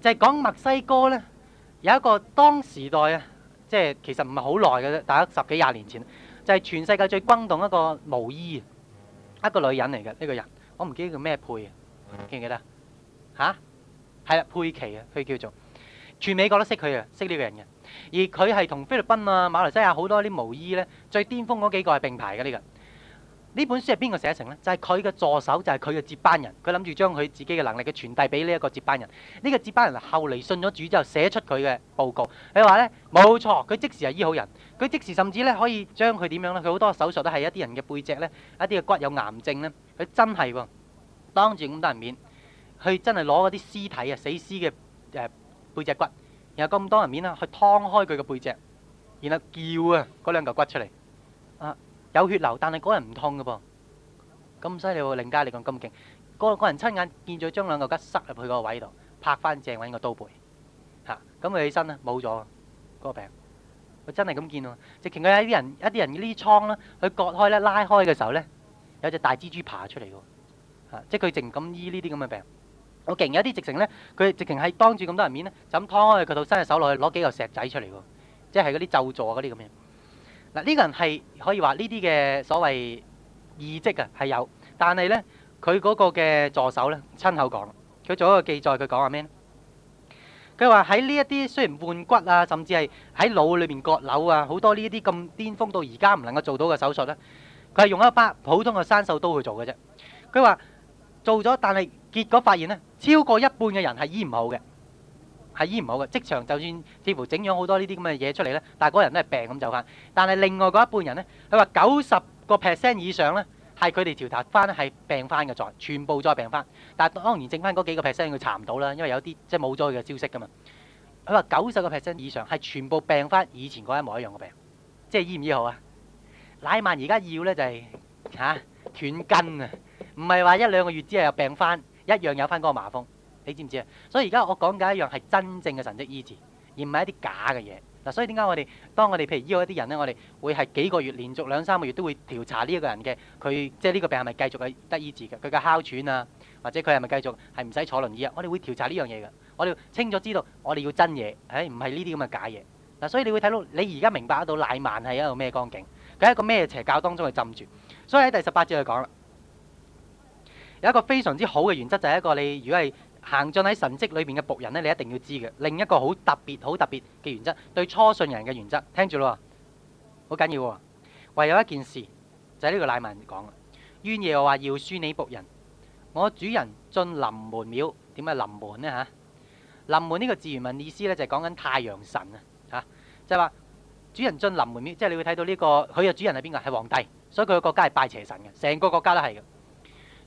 就係講墨西哥呢，有一個當時代啊，即係其實唔係好耐嘅啫，大概十幾廿年前，就係全世界最轟動一個巫醫。一個女人嚟嘅，呢個人，我唔記得叫咩佩啊，記唔記得？吓、啊？係啦，佩奇啊，佢叫做，全美國都識佢啊，識呢個人嘅，而佢係同菲律賓啊、馬來西亞好多啲毛衣咧，最巔峰嗰幾個係並排嘅，呢個。呢本書係邊個寫成呢？就係佢嘅助手，就係佢嘅接班人。佢諗住將佢自己嘅能力，嘅傳遞俾呢一個接班人。呢、這個接班人後嚟信咗主之後，寫出佢嘅報告。佢話呢，冇錯，佢即時係醫好人。佢即時甚至呢，可以將佢點樣呢？佢好多手術都係一啲人嘅背脊呢，一啲嘅骨有癌症呢。佢真係喎，當住咁多人面，佢真係攞嗰啲屍體啊，死屍嘅、呃、背脊骨，然後咁多人面咧去劏開佢嘅背脊，然後叫啊嗰兩嚿骨出嚟。有血流，但係嗰人唔痛㗎噃，咁犀利喎，另加嚟講咁勁，個個人親眼見咗將兩個吉塞入去嗰個位度，拍翻正位個刀背，吓、啊，咁佢起身啦，冇咗個病，佢真係咁見喎，直情佢喺啲人，一啲人呢啲瘡啦，佢割開咧，拉開嘅時候咧，有隻大蜘蛛爬出嚟嘅、啊，即係佢淨咁醫呢啲咁嘅病，好、啊、勁，有啲直情咧，佢直情係當住咁多人面咧，就咁拖開佢度伸隻手落去攞幾嚿石仔出嚟喎，即係嗰啲救助嗰啲咁嘅。嗱、這、呢個人係可以話呢啲嘅所謂義績啊係有的，但係呢，佢嗰個嘅助手呢，親口講，佢做了一個記載，佢講話咩？佢話喺呢一啲雖然換骨啊，甚至係喺腦裏面割瘤啊，好多呢一啲咁巔峰到而家唔能夠做到嘅手術呢，佢係用一把普通嘅生銹刀去做嘅啫。佢話做咗，但係結果發現呢，超過一半嘅人係醫唔好嘅。係醫唔好嘅，職場就算似乎整咗好多呢啲咁嘅嘢出嚟呢，但係嗰人都係病咁就翻。但係另外嗰一半人呢，佢話九十個 percent 以上呢係佢哋調查翻，係病翻嘅再全部再病翻。但係當然剩翻嗰幾個 percent 佢查唔到啦，因為有啲即係冇咗佢嘅消息㗎嘛。佢話九十個 percent 以上係全部病翻以前嗰一模一樣嘅病，即係醫唔醫好啊？乃曼而家要呢就係、是、吓、啊，斷根啊！唔係話一兩個月之後又病翻，一樣有翻嗰個麻風。你知唔知啊？所以而家我講緊一樣係真正嘅神跡醫治，而唔係一啲假嘅嘢嗱。所以點解我哋當我哋譬如醫一啲人咧，我哋會係幾個月連續兩三個月都會調查呢一個人嘅佢，即係呢個病係咪繼續係得醫治嘅？佢嘅哮喘啊，或者佢係咪繼續係唔使坐輪椅啊？我哋會調查呢樣嘢嘅。我哋要清楚知道我哋要真嘢，唉、哎，唔係呢啲咁嘅假嘢嗱。所以你會睇到你而家明白到賴曼係一個咩光景？佢喺一個咩邪教當中去浸住。所以喺第十八節去講啦，有一個非常之好嘅原則就係、係、一個你如果係。行進喺神蹟裏面嘅僕人呢，你一定要知嘅。另一個好特別、好特別嘅原則，對初信人嘅原則，聽住咯！好緊要喎。唯有一件事，就喺呢個乃縵講啦。冤野話要輸你僕人，我主人進臨門廟，點解臨門呢？吓！臨門呢個字原文意思呢就係、是、講緊太陽神啊嚇，就係、是、話主人進臨門廟，即、就、係、是、你會睇到呢、這個佢嘅主人係邊個？係皇帝，所以佢嘅國家係拜邪神嘅，成個國家都係嘅。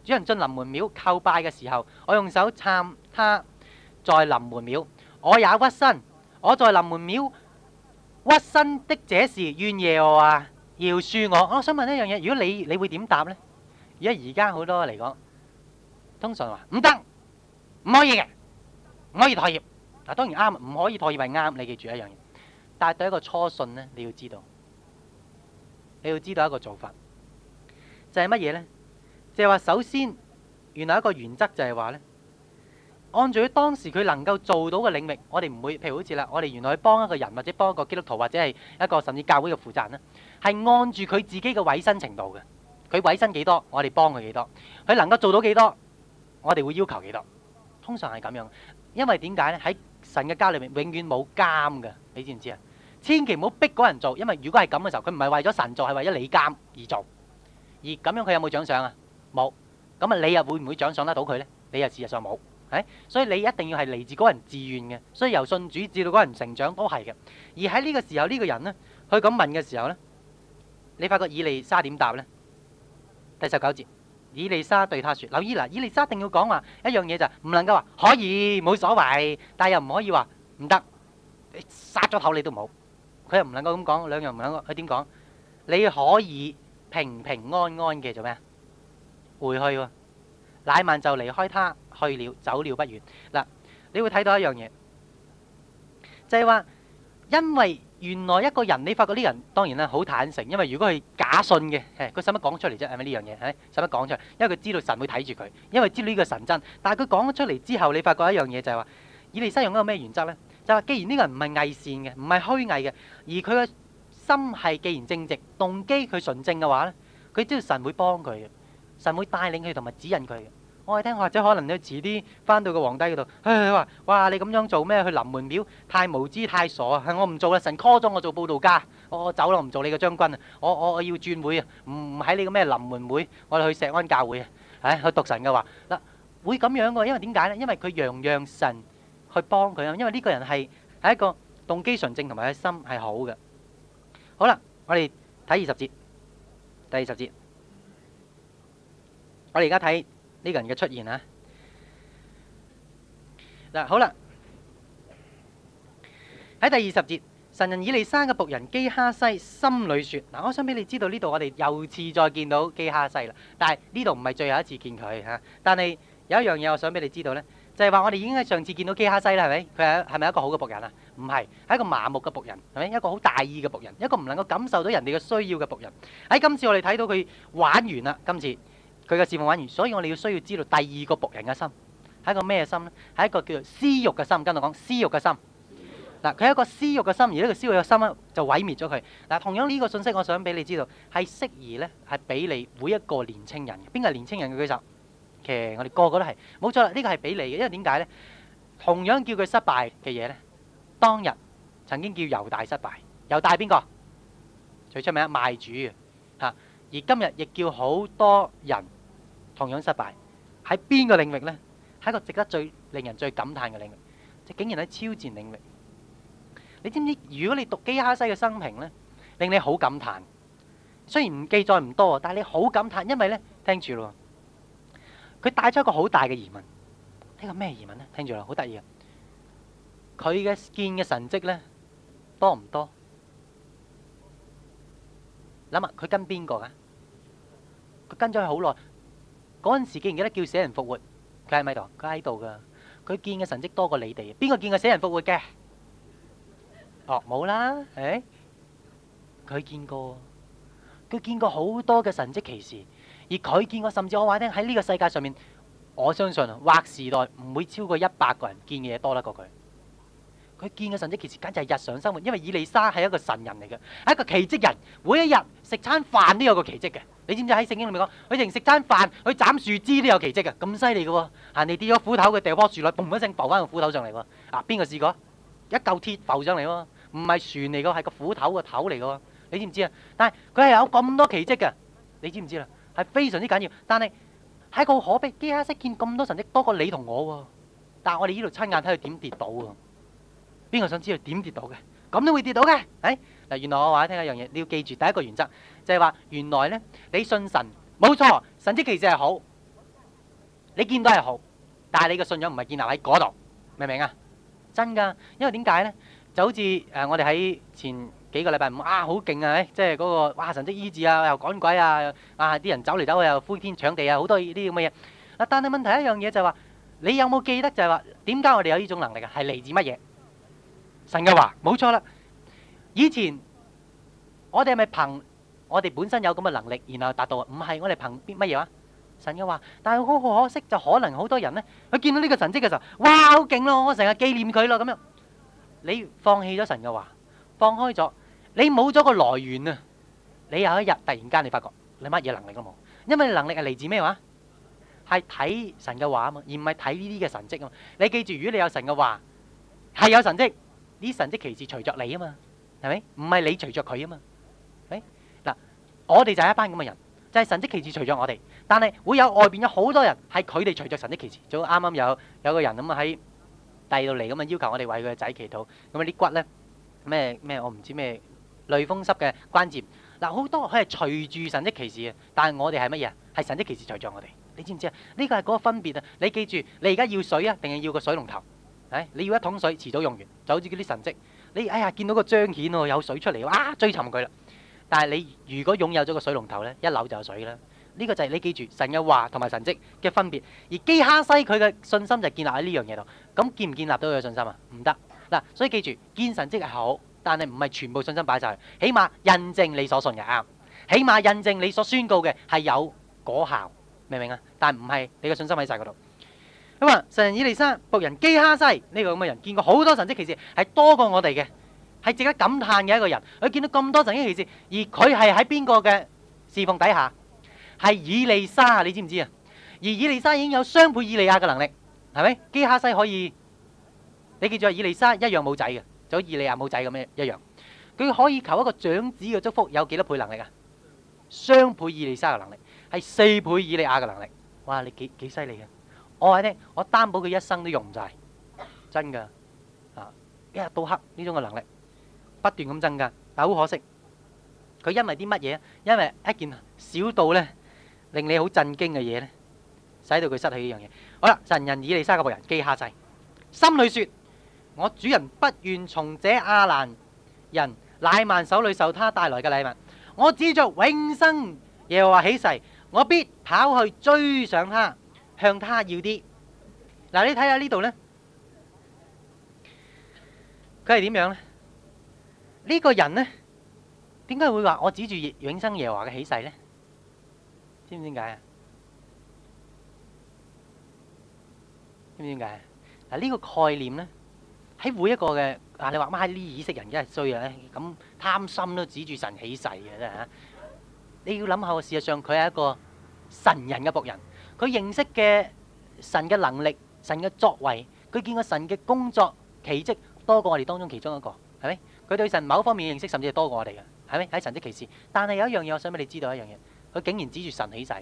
主人進臨門廟叩拜嘅時候，我用手撐他。在臨門廟，我也屈身。我在臨門廟屈身的這事，願耶和華我啊，饒恕我。我想問一樣嘢，如果你你會點答呢？而家而家好多嚟講，通常話唔得，唔可以嘅，唔可以妥協。嗱，當然啱，唔可以妥協係啱。你記住一樣嘢，但係對一個初信呢，你要知道，你要知道一個做法，就係乜嘢呢？即係話，首先原來一個原則就係話呢，按住喺當時佢能夠做到嘅領域，我哋唔會，譬如好似啦，我哋原來去幫一個人或者幫一個基督徒或者係一個甚至教會嘅負責人，係按住佢自己嘅委身程度嘅，佢委身幾多，我哋幫佢幾多，佢能夠做到幾多，我哋會要求幾多，通常係咁樣。因為點解呢？喺神嘅家裏面永遠冇監嘅，你知唔知啊？千祈唔好逼嗰人做，因為如果係咁嘅時候，佢唔係為咗神做，係為咗你監而做，而咁樣佢有冇獎賞啊？冇咁啊！你又會唔會獎賞得到佢咧？你又事實上冇，係所以你一定要係嚟自嗰人自願嘅。所以由信主至到嗰人成長都係嘅。而喺呢個時候呢個人咧，佢咁問嘅時候咧，你發覺以利沙點答咧？第十九節，以利沙對他説：，留意啦，以利沙一定要講話一樣嘢就唔能夠話可以冇所謂，但係又唔可以話唔得，殺咗頭你都唔好。佢又唔能夠咁講兩樣唔能夠，佢點講？你可以平平安安嘅做咩啊？回去喎，乃曼就離開他去了，走了不遠。嗱，你會睇到一樣嘢，就係話，因為原來一個人，你發覺呢人當然啦，好坦誠。因為如果係假信嘅，佢使乜講出嚟啫？係咪呢樣嘢？使乜講出嚟？因為佢知道神會睇住佢，因為知道呢個神真。但係佢講咗出嚟之後，你發覺一樣嘢就係話，以利西用一個咩原則呢？就話，既然呢個人唔係偽善嘅，唔係虛偽嘅，而佢嘅心係既然正直，動機佢純正嘅話咧，佢知道神會幫佢嘅。神會帶領佢同埋指引佢。我係聽我或者可能你遲啲翻到個皇帝嗰度，佢話：，哇，你咁樣做咩？去臨門廟太無知太傻啊！我唔做啦，神 call 咗我做布道家，我我走咯，唔做你嘅將軍啊！我我我要轉會啊！唔唔喺你個咩臨門會，我哋去石安教會啊！唉，去讀神嘅話，嗱，會咁樣噶，因為點解咧？因為佢讓讓神去幫佢啊，因為呢個人係係一個動機純正同埋佢心係好嘅。好啦，我哋睇二十節，第二十節。我哋而家睇呢個人嘅出現啊嗱，好啦，喺第二十節，神人以利沙嘅僕人基哈西心裏說：嗱，我想俾你知道呢度我哋又次再見到基哈西啦。但係呢度唔係最後一次見佢吓，但係有一樣嘢我想俾你知道呢，就係話我哋已經喺上次見到基哈西啦，係咪？佢係係咪一個好嘅僕人啊？唔係，係一個麻木嘅僕人，係咪？一個好大意嘅僕人，一個唔能夠感受到人哋嘅需要嘅僕人。喺今次我哋睇到佢玩完啦，今次。佢嘅侍奉玩完，所以我哋要需要知道第二個僕人嘅心係一個咩心呢？係一個叫做私欲嘅心。跟住我講私欲嘅心嗱，佢係一個私欲嘅心，而呢個私欲嘅心咧就毀滅咗佢嗱。同樣呢個信息，我想俾你知道，係適宜呢，係俾你每一個年青人，邊個係年青人嘅舉手，其實我哋個個都係，冇錯啦。呢、這個係俾你嘅，因為點解呢？同樣叫佢失敗嘅嘢呢，當日曾經叫猶大失敗，猶大邊個？最出名賣主嘅、吓、而今日亦叫好多人。同樣失敗，喺邊個領域咧？喺一個值得最令人最感嘆嘅領域，即係竟然喺超自然領域。你知唔知？如果你讀基哈西嘅生平咧，令你好感嘆。雖然唔記載唔多，但係你好感嘆，因為咧，聽住咯，佢帶咗一個好大嘅疑問。呢個咩疑問咧？聽住啦，好得意呀。佢嘅見嘅神跡咧，多唔多？諗下佢跟邊個啊？佢跟咗佢好耐。嗰陣時記唔記得叫死人復活是是？佢喺咪度？佢喺度噶。佢見嘅神蹟多過你哋。邊個見過死人復活嘅？哦，冇啦。誒、哎，佢見過。佢見過好多嘅神蹟奇事。而佢見過，甚至我話聽喺呢個世界上面，我相信劃時代唔會超過一百個人見嘅嘢多得過佢。佢見嘅神蹟奇事簡直係日常生活，因為以利沙係一個神人嚟嘅，係一個奇蹟人。每一日食餐飯都有個奇蹟嘅。你知唔知喺聖經裏面講，佢連食餐飯，佢斬樹枝都有奇蹟嘅，咁犀利嘅喎嚇！人哋跌咗斧頭，佢掉棵樹落，嘣一聲浮翻個斧頭上嚟喎、啊。啊，邊個試過？一嚿鐵浮上嚟喎、啊，唔係船嚟嘅，係個斧頭個頭嚟嘅、啊。你知唔知啊？但係佢係有咁多奇蹟嘅，你知唔知啦？係非常之緊要。但係喺一個可悲，基哈斯見咁多神蹟，多過你同我喎、啊。但係我哋呢度親眼睇佢點跌倒啊！邊個想知道點跌倒嘅？咁都會跌到嘅。誒，嗱，原來我話你聽一樣嘢，你要記住第一個原則。就係話原來咧，你信神冇錯，神蹟其實係好，你見到係好，但係你嘅信仰唔係建立喺嗰度，明唔明啊？真噶，因為點解咧？就好似誒，我哋喺前幾個禮拜五啊，好勁啊，即係嗰個哇神蹟醫治啊，又趕鬼啊，啊啲人走嚟走去又呼天搶地啊，好多呢啲咁嘅嘢。但係問題一樣嘢就係話，你有冇記得就係話，點解我哋有呢種能力啊？係嚟自乜嘢？神嘅話，冇錯啦。以前我哋係咪憑？我哋本身有咁嘅能力，然後達到唔係我哋憑邊乜嘢啊？神嘅話，但係好好可惜，就可能好多人咧，佢見到呢個神跡嘅時候，哇，好勁咯！我成日紀念佢咯咁樣。你放棄咗神嘅話，放開咗，你冇咗個來源啊！你有一日突然間你發覺，你乜嘢能力都冇，因為能力係嚟自咩話？係睇神嘅話啊嘛，而唔係睇呢啲嘅神跡啊嘛。你記住，如果你有神嘅話，係有神跡，呢神跡其次隨着你啊嘛，係咪？唔係你隨着佢啊嘛。我哋就係一班咁嘅人，就係、是、神蹟奇事隨着我哋。但係會有外邊有好多人係佢哋隨着神蹟奇事。早啱啱有有個人咁啊，喺第二度嚟咁啊，要求我哋為佢嘅仔祈禱。咁啊啲骨咧咩咩我唔知咩類風濕嘅關節。嗱、啊、好多佢係隨住神蹟奇事嘅，但係我哋係乜嘢？係神蹟奇事隨着我哋。你知唔知啊？呢、這個係嗰個分別啊！你記住，你而家要水啊，定係要個水龍頭？唉、哎，你要一桶水，遲早用完，就好似嗰啲神蹟。你哎呀，見到個彰顯喎，有水出嚟，哇、啊，追尋佢啦！但係你如果擁有咗個水龍頭呢，一扭就有水啦。呢個就係你記住神嘅話同埋神蹟嘅分別。而基哈西佢嘅信心就建立喺呢樣嘢度。咁建唔建立到佢嘅信心啊？唔得。嗱，所以記住見神蹟係好，但係唔係全部信心擺晒，起碼印證你所信嘅啱，起碼印證你所宣告嘅係有果效，明唔明啊？但係唔係你嘅信心喺晒嗰度。咁啊，神人以利沙僕人基哈西呢個咁嘅人見過好多神蹟其實，係多過我哋嘅。係值得感嘆嘅一個人，佢見到咁多神恩奇事，而佢係喺邊個嘅侍奉底下？係以利沙啊，你知唔知啊？而以利沙已經有雙倍以利亞嘅能力，係咪？基哈西可以，你記住啊，以利沙一樣冇仔嘅，就以利亞冇仔咁樣一樣。佢可以求一個長子嘅祝福，有幾多倍能力啊？雙倍以利沙嘅能力，係四倍以利亞嘅能力。哇，你幾幾犀利啊！我話你聽，我擔保佢一生都用唔晒，真㗎，啊，一日到黑呢種嘅能力。不斷咁增加，但係好可惜，佢因為啲乜嘢？因為一件小到咧令你好震驚嘅嘢咧，使到佢失去呢樣嘢。好啦，神人以利沙嘅僕人基哈西心裏說：我主人不願從這亞蘭人乃縵手裏受他帶來嘅禮物，我指著永生。又話起誓，我必跑去追上他，向他要啲。嗱，你睇下呢度咧，佢係點樣咧？呢個人呢，點解會話我指住永生耶和華嘅起誓呢？知唔知點解啊？知唔知點解啊？嗱，呢個概念呢喺每一個嘅啊，你話，媽呢意識人真係衰啊！咁貪心都指住神起誓嘅真係嚇。你要諗下喎，事實上佢係一個神人嘅僕人，佢認識嘅神嘅能力、神嘅作為，佢見過神嘅工作奇蹟多過我哋當中其中一個，係咪？佢對神某一方面嘅認識，甚至係多過我哋嘅，係咪喺神的歧視？但係有一樣嘢，我想俾你知道一樣嘢，佢竟然指住神起誓。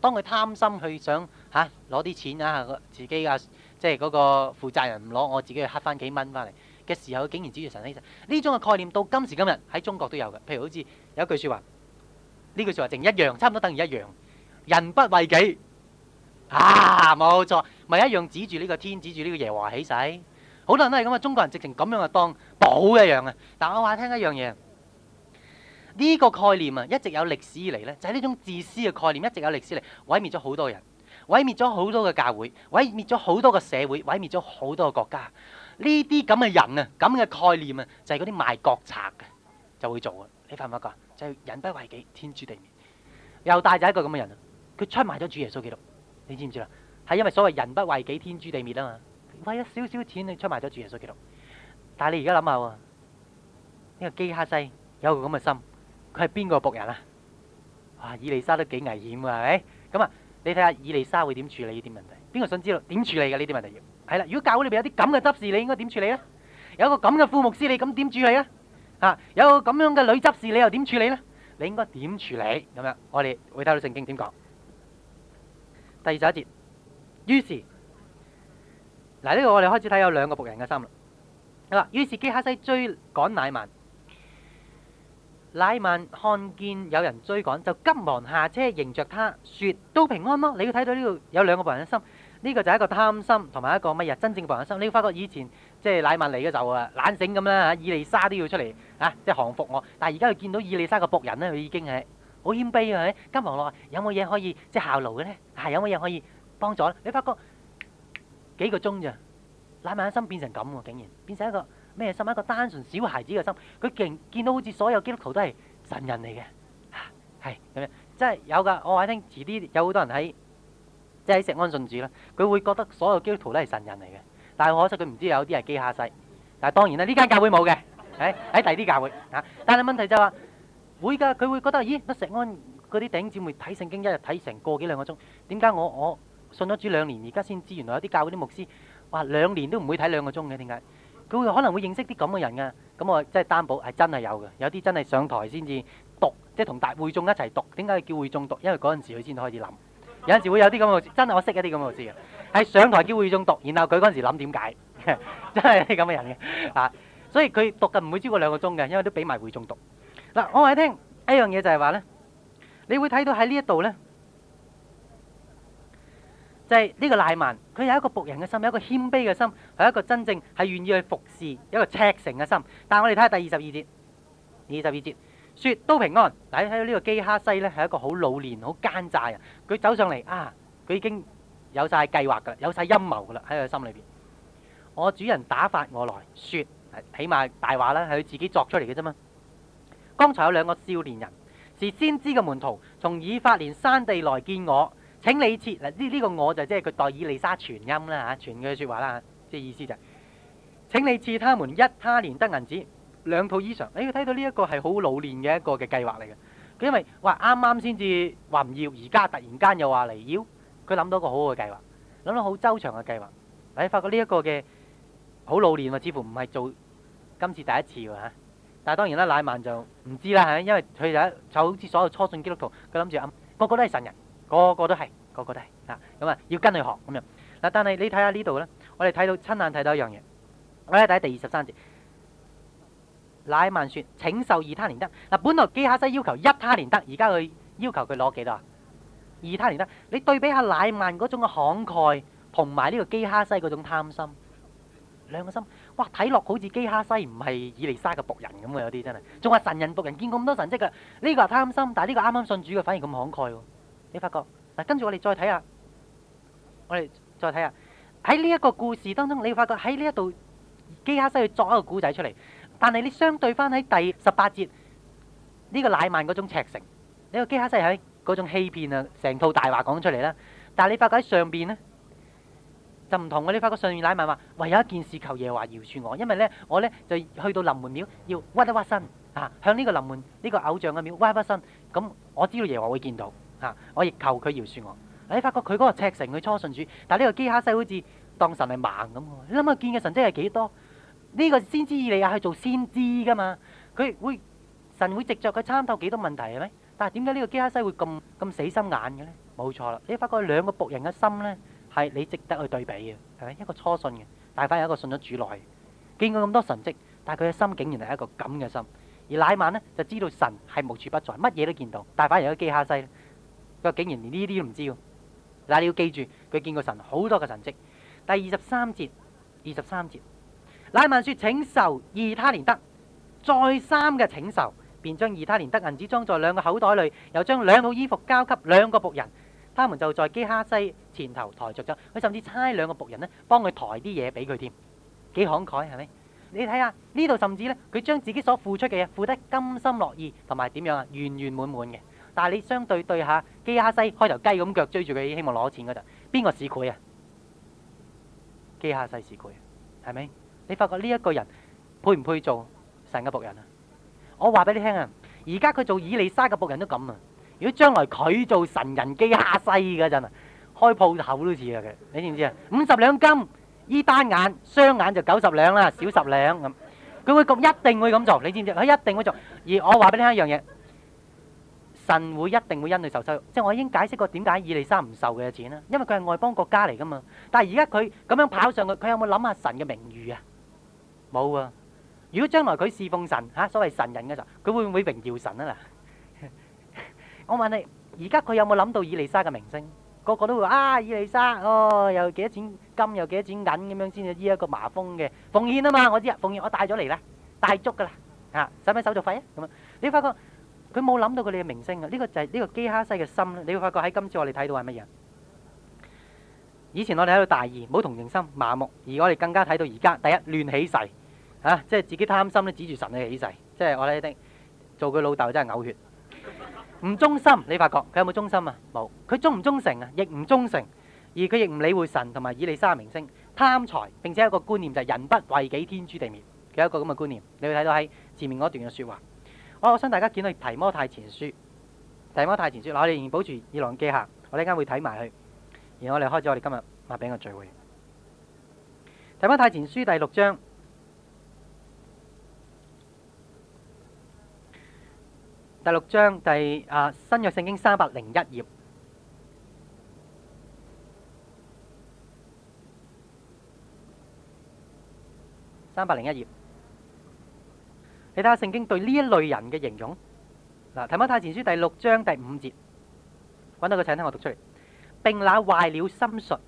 當佢貪心去想吓攞啲錢啊，自己啊，即係嗰個負責人唔攞，我自己去黑翻幾蚊翻嚟嘅時候，佢竟然指住神起誓。呢種嘅概念到今時今日喺中國都有嘅，譬如好似有一句説話，呢句説話淨一樣，差唔多等於一樣人不為己啊，冇錯，咪一樣指住呢個天，指住呢個耶和華起誓。好多人都係咁啊，中國人直情咁樣嘅當。寶一樣啊，但我話聽一樣嘢，呢個概念啊，一直有歷史以嚟呢，就係呢種自私嘅概念，一直有歷史嚟，毀滅咗好多人，毀滅咗好多嘅教會，毀滅咗好多嘅社會，毀滅咗好多嘅國家。呢啲咁嘅人啊，咁嘅概念啊，就係嗰啲賣國賊嘅，就會做啊。你明白啩？就係、是、人不為己，天誅地滅。猶大就係一個咁嘅人，啊，佢出賣咗主耶穌基督。你知唔知啊？係因為所謂人不為己，天誅地滅啊嘛，為咗少少錢，你出賣咗主耶穌基督。但係你而家諗下喎，呢個基哈西有個咁嘅心，佢係邊個僕人啊？哇，以利沙都幾危險噶，係咪？咁啊，你睇下以利沙會點處理呢啲問題？邊個想知道點處理嘅呢啲問題？係啦，如果教會裏邊有啲咁嘅執事，你應該點處理咧？有一個咁嘅副牧師，你咁點處理咧？吓，有個咁樣嘅女執事，你又點處理咧？你應該點處理？咁樣，我哋會睇到聖經點講。第二十一節，於是嗱，呢個我哋開始睇有兩個僕人嘅心啦。嗱，於是基哈西追趕乃曼，乃曼看見有人追趕，就急忙下車迎着他，説：都平安麼？你要睇到呢個有兩個僕人嘅心，呢、這個就係一個貪心同埋一個乜嘢？真正嘅僕人心，你要發覺以前即係乃曼嚟嘅就誒懶醒咁啦嚇，以利沙都要出嚟嚇、啊、即係降服我，但係而家佢見到以利沙個僕人咧，佢已經係好謙卑嘅，急忙落話：有冇嘢可以即係效勞嘅咧？係、啊、有冇嘢可以幫助咧？你發覺幾個鐘咋？懶慢嘅心變成咁喎、啊，竟然變成一個咩心？一個單純小孩子嘅心，佢竟然見到好似所有基督徒都係神人嚟嘅，係咁樣，即係有噶我話你聽，遲啲有好多人喺，即係喺石安信主啦，佢會覺得所有基督徒都係神人嚟嘅。但係可惜佢唔知有啲係記下世。但係當然啦，呢間教會冇嘅，喺喺第啲教會啊。但係問題就話、係、會噶，佢會覺得咦，乜石安嗰啲頂姊妹睇聖經一日睇成個幾兩個鐘？點解我我信咗主兩年而家先知原來有啲教會嗰啲牧師？哇！兩年都唔會睇兩個鐘嘅。點解？佢可能會認識啲咁嘅人嘅，咁我即係擔保係真係有嘅，有啲真係上台先至讀，即係同大會眾一齊讀。點解叫會眾讀？因為嗰陣時佢先開始諗。有陣時會有啲咁嘅，真係我識一啲咁嘅字嘅。喺上台叫會眾讀，然後佢嗰陣時諗點解，真係啲咁嘅人嘅啊。所以佢讀嘅唔會超過兩個鐘嘅，因為都俾埋會眾讀。嗱，我話你聽，一樣嘢就係話咧，你會睇到喺呢一度咧。即係呢個賴曼，佢有一個僕人嘅心，有一個謙卑嘅心，係一個真正係願意去服侍，有一個赤誠嘅心。但係我哋睇下第二十二節，第二十二節，説都平安。大家睇到呢個基哈西咧，係一個好老練、好奸詐人。佢走上嚟啊，佢已經有晒計劃噶，有晒陰謀噶啦喺佢心裏邊。我主人打發我來説，起碼大話啦，係佢自己作出嚟嘅啫嘛。剛才有兩個少年人是先知嘅門徒，從以法蓮山地來見我，請你賜，嗱，呢呢個我就即係佢代以利沙傳音啦嚇，傳佢嘅説話啦，即係意思就係請你賜他們一他連得銀子，兩套衣裳。哎，睇到呢一個係好老練嘅一個嘅計劃嚟嘅。佢因為話啱啱先至話唔要，而家突然間又話嚟要，佢諗到一個好好嘅計劃，諗到好周詳嘅計劃。你發覺呢一個嘅好老練喎，似乎唔係做今次第一次㗎。但係當然啦，乃曼就唔知啦嚇，因為佢就就好似所有初信基督徒，佢諗住啊個個都係神人。個個都係，個個都係，啊咁啊要跟你學咁樣。嗱、啊，但係你睇下呢度咧，我哋睇到親眼睇到一樣嘢。我哋睇第二十三節，乃曼説：請受二他連得。啊」嗱，本來基哈西要求一他連得，而家佢要求佢攞幾多啊？二他連得？你對比下乃曼嗰種嘅慷慨，同埋呢個基哈西嗰種貪心，兩個心，哇！睇落好似基哈西唔係以利沙嘅僕人咁嘅。有啲真係，仲話神人僕人見咁多神跡嘅，呢、呢個係貪心，但係呢個啱啱信主嘅反而咁慷慨喎。你發覺嗱，跟住我哋再睇下，我哋再睇下喺呢一個故事當中，你會發覺喺呢一度基哈西去作一個古仔出嚟，但係你相對翻喺第十八節呢個奶曼嗰種赤誠。呢個基哈西喺嗰種欺騙啊，成套大話講出嚟啦。但係你發覺喺上面呢，就唔同我，你發覺上面奶曼話，唯有一件事求耶華饒恕我，因為呢，我呢就去到臨門廟要屈一屈身啊，向呢個臨門呢個偶像嘅廟屈一屈身，咁我知道耶華會見到。吓！我亦求佢饒恕我。你發覺佢嗰個赤誠佢初信主，但呢個基哈西好似當神係盲咁喎。你諗下見嘅神跡係幾多？呢個先知以利亞又係做先知噶嘛他？佢會神會藉著佢參透幾多問題係、啊、咩？但係點解呢個基哈西會咁咁死心眼嘅咧？冇錯啦！你發覺兩個僕人嘅心咧係你值得去對比嘅，係咪一個初信嘅，但反而一個信咗主耐，見過咁多神跡，但係佢嘅心竟然係一個咁嘅心。而乃曼咧就知道神係無處不在，乜嘢都見到，但反而一個基哈西。佢竟然連呢啲都唔知喎，嗱，你要記住，佢見過神好多嘅神跡。第二十三節，二十三節，乃曼説，請受二他連得，再三嘅請，受，便將二他連得銀子裝在兩個口袋裏，又將兩套衣服交給兩個僕人，他們就在基哈西前頭抬着走，佢甚至差兩個僕人咧，幫佢抬啲嘢俾佢添，幾慷慨係咪？你睇下呢度甚至呢，佢將自己所付出嘅嘢付得甘心樂意，同埋點樣啊，圓圓滿滿嘅。但係你相對對下基哈西開頭雞咁腳追住佢，希望攞錢嗰陣，邊個市儈啊？基哈西市儈啊，係咪？你發覺呢一個人配唔配做神嘅僕人啊？我話俾你聽啊，而家佢做以利沙嘅僕人都咁啊，如果將來佢做神人基哈西嗰陣啊，開鋪頭都似啊，你知唔知啊？五十兩金，依單眼雙眼就九十兩啦，少十兩咁，佢會咁一定會咁做，你知唔知？佢一定會做，而我話俾你聽一樣嘢。神會一定會因你受羞，即係我已經解釋過點解以利沙唔受嘅錢啦，因為佢係外邦國家嚟噶嘛。但係而家佢咁樣跑上去，佢有冇諗下神嘅名譽啊？冇喎。如果將來佢侍奉神，吓所謂神人嘅時候，佢會唔會榮耀神啊？嗱，我問你，而家佢有冇諗到以利沙嘅名聲？個個都會話啊，以利沙哦，又幾多錢金，又幾多錢銀咁樣先至醫一個麻風嘅奉獻啊嘛！我知啊，奉獻我帶咗嚟啦，帶足噶啦，吓使唔使手續費啊？咁啊，你發覺。佢冇諗到佢哋嘅名聲啊！呢個就係呢個基哈西嘅心。你會發覺喺今次我哋睇到係乜嘢？以前我哋喺度大意，冇同情心，麻木。而我哋更加睇到而家，第一亂起誓嚇，即係自己貪心咧，指住神去起誓。即係我哋一定做佢老豆，真係嘔血。唔忠心，你發覺佢有冇忠心啊？冇。佢忠唔忠誠啊？亦唔忠誠。而佢亦唔理會神同埋以利沙嘅名聲。貪財，並且一個觀念就係人不為己，天誅地滅。佢有一個咁嘅觀念。你會睇到喺前面嗰一段嘅説話。我想大家見到提摩太前書《提摩太前書》，《提摩太前書》，嗱，我哋仍然保持耳朗機客。我哋一間會睇埋佢，然後我哋開始我哋今日擘餅嘅聚會。《提摩太前書》第六章，第六章第啊，新約聖經三百零一頁，三百零一頁。你睇下聖經對呢一類人嘅形容，嗱，睇翻《提摩太前書》第六章第五節，揾到個，請聽我讀出嚟，並那壞了心術、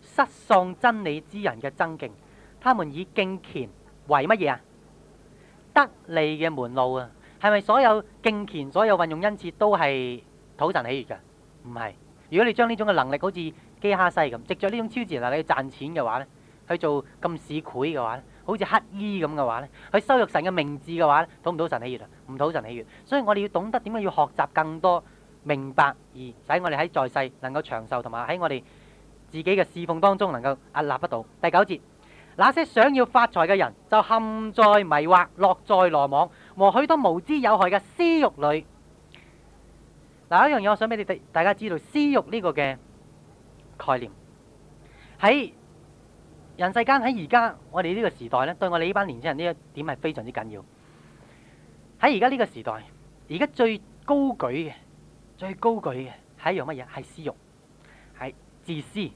失喪真理之人嘅爭競，他們以敬虔為乜嘢啊？得利嘅門路啊，係咪所有敬虔、所有運用恩賜都係討神喜悅嘅？唔係。如果你將呢種嘅能力好似基哈西咁，藉着呢種超自然能力去賺錢嘅話咧，去做咁市儈嘅話咧？好似乞衣咁嘅話咧，去羞辱神嘅名字嘅話咧，討唔討神喜悅啊？唔討神喜悅。所以我哋要懂得點樣要學習更多明白，而使我哋喺在世能夠長壽，同埋喺我哋自己嘅侍奉當中能夠屹立不倒。第九節，那些想要發財嘅人就陷在迷惑、落在羅網和許多無知有害嘅私欲裏。嗱，有一樣嘢我想俾你哋大家知道，私欲呢個嘅概念喺。人世間喺而家，我哋呢個時代呢，對我哋呢班年輕人呢一點係非常之緊要。喺而家呢個時代，而家最高舉嘅最高舉嘅係一樣乜嘢？係私欲，係自私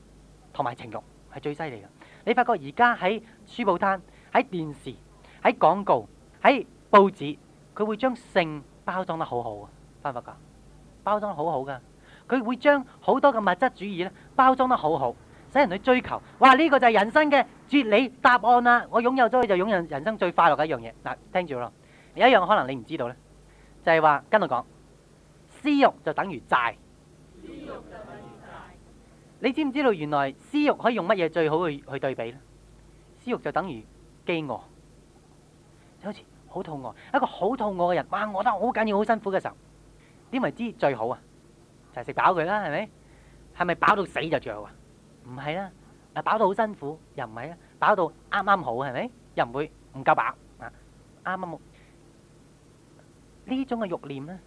同埋情欲係最犀利嘅。你發覺而家喺書報攤、喺電視、喺廣告、喺報紙，佢會將性包裝得好好啊！你發覺包裝好好噶，佢會將好多嘅物質主義咧包裝得好好。等人去追求，哇！呢個就係人生嘅哲理答案啦。我擁有咗，就擁有人生最快樂嘅一樣嘢。嗱，聽住咯。有一樣可能你唔知道咧，就係話跟我講，私欲就等於債。私欲就等於債。你知唔知道原來私欲可以用乜嘢最好去去對比咧？私欲就等於飢餓，就好似好肚餓，一個好肚餓嘅人，哇！我得好緊要，好辛苦嘅時候，點為之最好啊？就係食飽佢啦，係咪？係咪飽到死就最好啊？唔係啦，啊飽到好辛苦，又唔係啦，飽到啱啱好係咪？又唔會唔夠飽啊，啱啱好。呢種嘅欲念咧，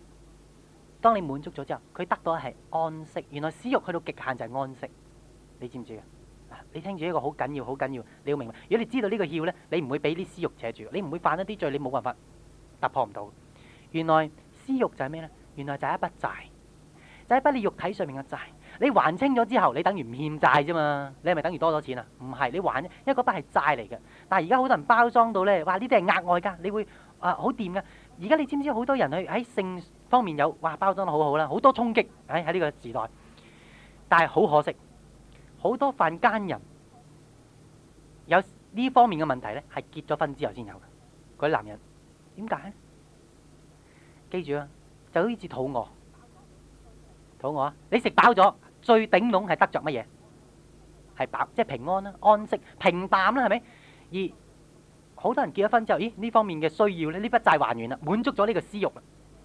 當你滿足咗之後，佢得到嘅係安息。原來私欲去到極限就係安息，你知唔知？啊，你聽住一個好緊要、好緊要，你要明白。如果你知道呢個竅咧，你唔會俾啲私欲扯住，你唔會犯一啲罪，你冇辦法突破唔到。原來私欲就係咩咧？原來就係一筆債，就係一筆你肉體上面嘅債。你還清咗之後，你等於唔欠債啫嘛？你係咪等於多咗錢啊？唔係，你還，因為嗰筆係債嚟嘅。但係而家好多人包裝到呢，哇！呢啲係額外噶，你會啊好掂嘅。而家你知唔知好多人去喺性方面有哇包裝得好好啦，好多衝擊喺呢、哎、個時代。但係好可惜，好多犯奸人有呢方面嘅問題呢，係結咗婚之後先有嘅。嗰啲男人點解？記住啊，就好似肚餓，肚餓啊！你食飽咗。最頂籠係得着乜嘢？係保即係、就是、平安啦、安息、平淡啦，係咪？而好多人結咗婚之後，咦？呢方面嘅需要咧，呢筆債還完啦，滿足咗呢個私欲啦。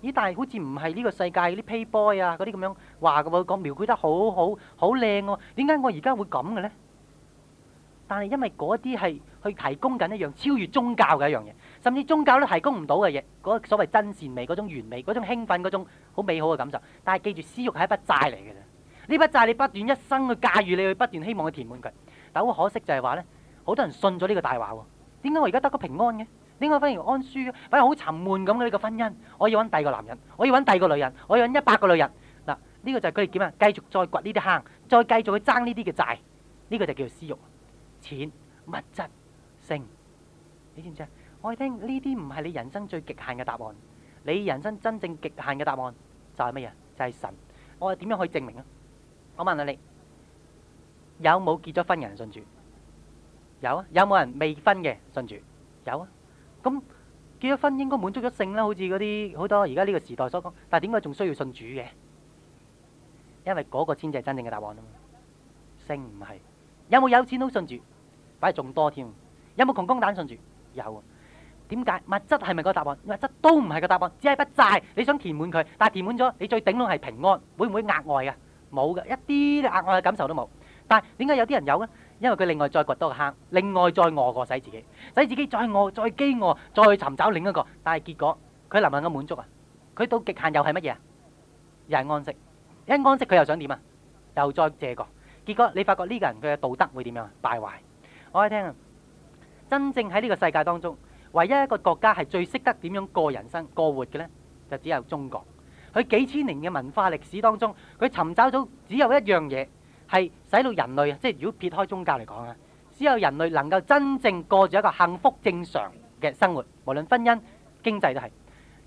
咦？但係好似唔係呢個世界啲 playboy 啊嗰啲咁樣話嘅噃，講描繪得好好好靚喎，啊，點解我而家會咁嘅呢？但係因為嗰啲係去提供緊一樣超越宗教嘅一樣嘢，甚至宗教都提供唔到嘅嘢。嗰、那個、所謂真善美嗰種完美、嗰種興奮、嗰種好美好嘅感受。但係記住，私欲係一筆債嚟嘅。呢筆債你不斷一生去駕馭，你去不斷希望去填滿佢，但好可惜就係話呢，好多人信咗呢個大話喎。點解我而家得個平安嘅？點解反而安舒？反而好沉悶咁嘅呢個婚姻？我要揾第二個男人，我要揾第二個女人，我要揾一百個女人。嗱，呢個就係佢哋點啊？繼續再掘呢啲坑，再繼續去爭呢啲嘅債，呢個就叫做私欲、錢、物質、性。你知唔知啊？我哋聽呢啲唔係你人生最極限嘅答案，你人生真正極限嘅答案就係乜嘢？就係神。我哋點樣可以證明啊？我問下你，有冇結咗婚嘅人信主？有啊。有冇人未婚嘅信主？有啊。咁結咗婚應該滿足咗性啦，好似嗰啲好多而家呢個時代所講，但係點解仲需要信主嘅？因為嗰個先至係真正嘅答案啊嘛。性唔係。有冇有錢佬信主？反而仲多添。有冇窮光蛋信主？有啊。點解物質係咪個答案？物質都唔係個答案，只係筆債。你想填滿佢，但係填滿咗，你最頂籠係平安，會唔會額外啊？冇嘅，一啲啲額外嘅感受都冇。但係點解有啲人有咧？因為佢另外再掘多個坑，另外再餓過使自己，使自己再餓、再飢餓、再尋找另一個。但係結果佢能唔能夠滿足啊！佢到極限又係乜嘢啊？又係安息。一安息佢又想點啊？又再借過。結果你發覺呢個人佢嘅道德會點樣？敗壞。我哋聽啊，真正喺呢個世界當中，唯一一個國家係最識得點樣過人生、過活嘅咧，就只有中國。佢幾千年嘅文化歷史當中，佢尋找到只有一樣嘢係使到人類啊！即係如果撇開宗教嚟講啊，只有人類能夠真正過住一個幸福正常嘅生活，無論婚姻、經濟都係。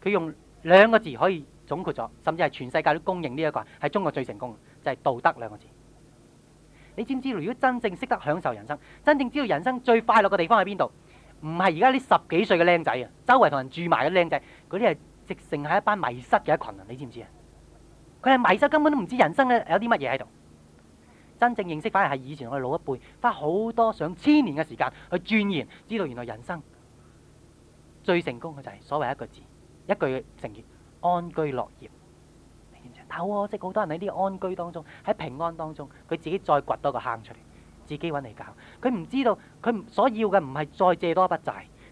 佢用兩個字可以總括咗，甚至係全世界都公認呢一個係中國最成功嘅，就係道德兩個字。你知唔知道，如果真正識得享受人生，真正知道人生最快樂嘅地方喺邊度？唔係而家啲十幾歲嘅靚仔啊，周圍同人住埋嘅靚仔嗰啲係。直成係一班迷失嘅一群人，你知唔知啊？佢係迷失，根本都唔知人生咧有啲乜嘢喺度。真正認識反而係以前我哋老一輩，花好多上千年嘅時間去鑽研，知道原來人生最成功嘅就係所謂一個字一句成語：安居樂業。你知唔知？但好可惜，好多人喺呢個安居當中，喺平安當中，佢自己再掘多個坑出嚟，自己揾嚟搞。佢唔知道，佢所要嘅唔係再借多一筆債。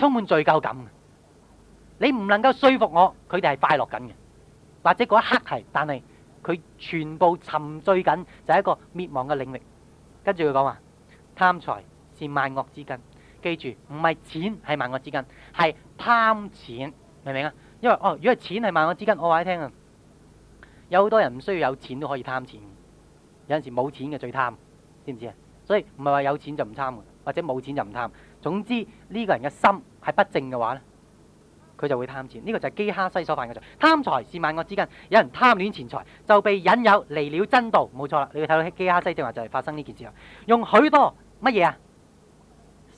充滿罪疚感，你唔能夠說服我，佢哋係快樂緊嘅，或者嗰一刻係，但係佢全部沉醉緊就係一個滅亡嘅領域。跟住佢講話，貪財是萬惡之根，記住唔係錢係萬惡之根，係貪錢明唔明啊？因為哦，如果係錢係萬惡之根，我話你聽啊，有好多人唔需要有錢都可以貪錢，有陣時冇錢嘅最貪，知唔知啊？所以唔係話有錢就唔貪或者冇錢就唔貪，總之呢個人嘅心。係不正嘅話咧，佢就會貪錢。呢個就係基哈西所犯嘅罪。貪財是萬惡之根，有人貪戀錢財就被引誘離了真道。冇錯啦，你會睇到基哈西正話就係發生呢件事啊。用許多乜嘢啊？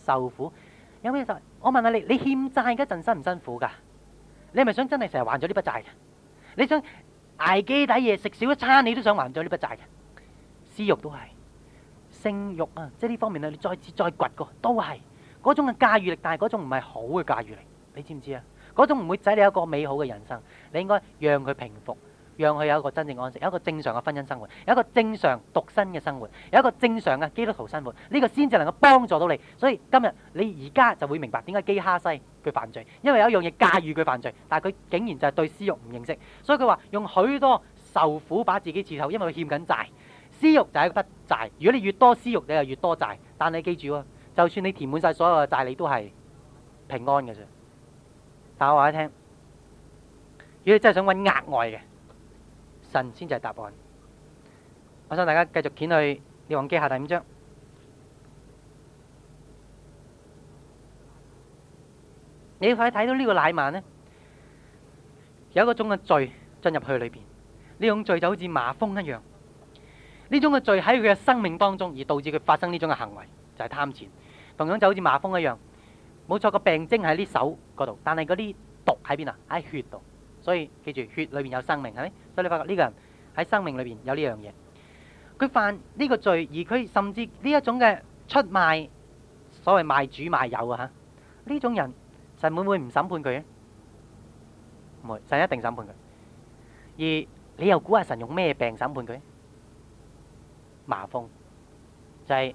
受苦有咩受苦？我問下你，你欠債嗰陣辛唔辛苦噶？你係咪想真係成日還咗呢筆債嘅？你想捱飢抵餓食少一餐，你都想還咗呢筆債嘅？私欲都係性欲啊，即係呢方面啊，你再次再掘過都係。嗰種嘅駕馭力，但係嗰種唔係好嘅駕馭力，你知唔知啊？嗰種唔會使你有一個美好嘅人生。你應該讓佢平復，讓佢有一個真正的安息，有一個正常嘅婚姻生活，有一個正常獨身嘅生活，有一個正常嘅基督徒生活。呢個先至能夠幫助到你。所以今日你而家就會明白點解基哈西佢犯罪，因為有一樣嘢駕馭佢犯罪，但係佢竟然就係對私欲唔認識。所以佢話用許多受苦把自己刺透，因為佢欠緊債。私欲就係一筆債。如果你越多私欲，你就越多債。但你記住啊。就算你填滿晒所有嘅債，你都係平安嘅啫。但我話你聽，如果你真係想揾額外嘅神，先就係答案。我想大家繼續掀去列王記下第五章。你快睇到呢個乃縵咧，有一個種嘅罪進入去裏邊。呢種罪就好似麻風一樣，呢種嘅罪喺佢嘅生命當中，而導致佢發生呢種嘅行為。就係貪錢，同樣就好似麻風一樣，冇錯，個病徵喺呢手嗰度，但係嗰啲毒喺邊啊？喺血度，所以記住血裏邊有生命，係咪？所以你發覺呢個人喺生命裏邊有呢樣嘢，佢犯呢個罪，而佢甚至呢一種嘅出賣，所謂賣主賣友啊吓，呢種人神會唔會唔審判佢啊？唔會，神一定審判佢。而你又估下神用咩病審判佢？麻風就係。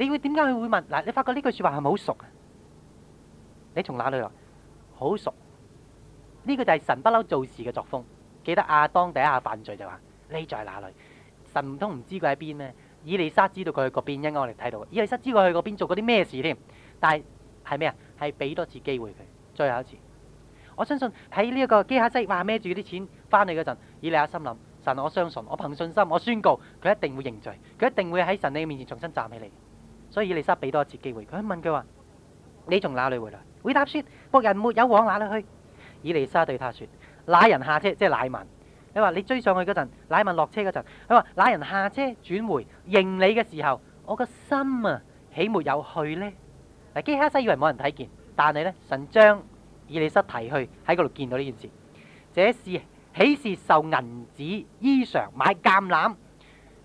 你會點解佢會問嗱？你發覺呢句說話係咪好熟啊？你從哪裏來？好熟呢，呢個就係神不嬲做事嘅作風。記得亞當第一下犯罪就話：你在哪裏？神唔通唔知佢喺邊咩？以利沙知道佢去嗰邊，因為我哋睇到以利沙知道佢去嗰邊做嗰啲咩事添。但係係咩啊？係俾多次機會佢最後一次。我相信喺呢一個基哈西話孭住啲錢翻嚟嗰陣，以利亞心諗神，我相信，我憑信心，我宣告佢一定會認罪，佢一定會喺神你面前重新站起嚟。所以以利沙俾多一次機會，佢問佢話：你從哪裏回來？回答說：僕人沒有往哪裏去。以利沙對他說：那人下車，即係乃縵。佢話你追上去嗰陣，乃縵落車嗰陣，佢話那人下車轉回認你嘅時候，我個心啊，豈沒有去咧？嗱，基哈西以為冇人睇見，但係咧，神將以利沙提去喺嗰度見到呢件事，這是豈是受銀子衣裳買橄欖？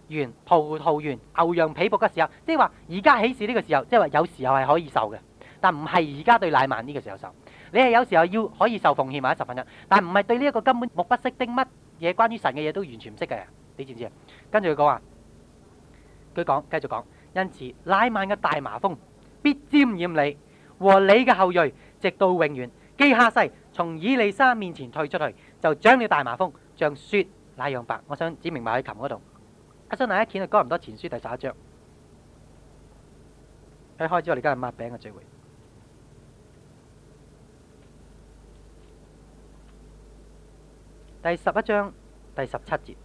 園葡萄園牛羊僕婢嘅時候，即係話而家起事呢個時候，即係話有時候係可以受嘅，但唔係而家對乃曼呢個時候受。你係有時候要可以受奉獻埋一十分一，但唔係對呢一個根本目不識丁乜嘢關於神嘅嘢都完全唔識嘅，你知唔知啊？跟住佢講話，佢講，繼續講，因此乃曼嘅大麻風必沾染你和你嘅後裔，直到永遠。基哈西從以利沙面前退出去，就長了大麻風，像雪那樣白。我想指明埋喺琴嗰度。阿叔拿一卷，就講哥林多前書第十一章。一開始我哋今日擘餅嘅聚會，第十一章第十七節。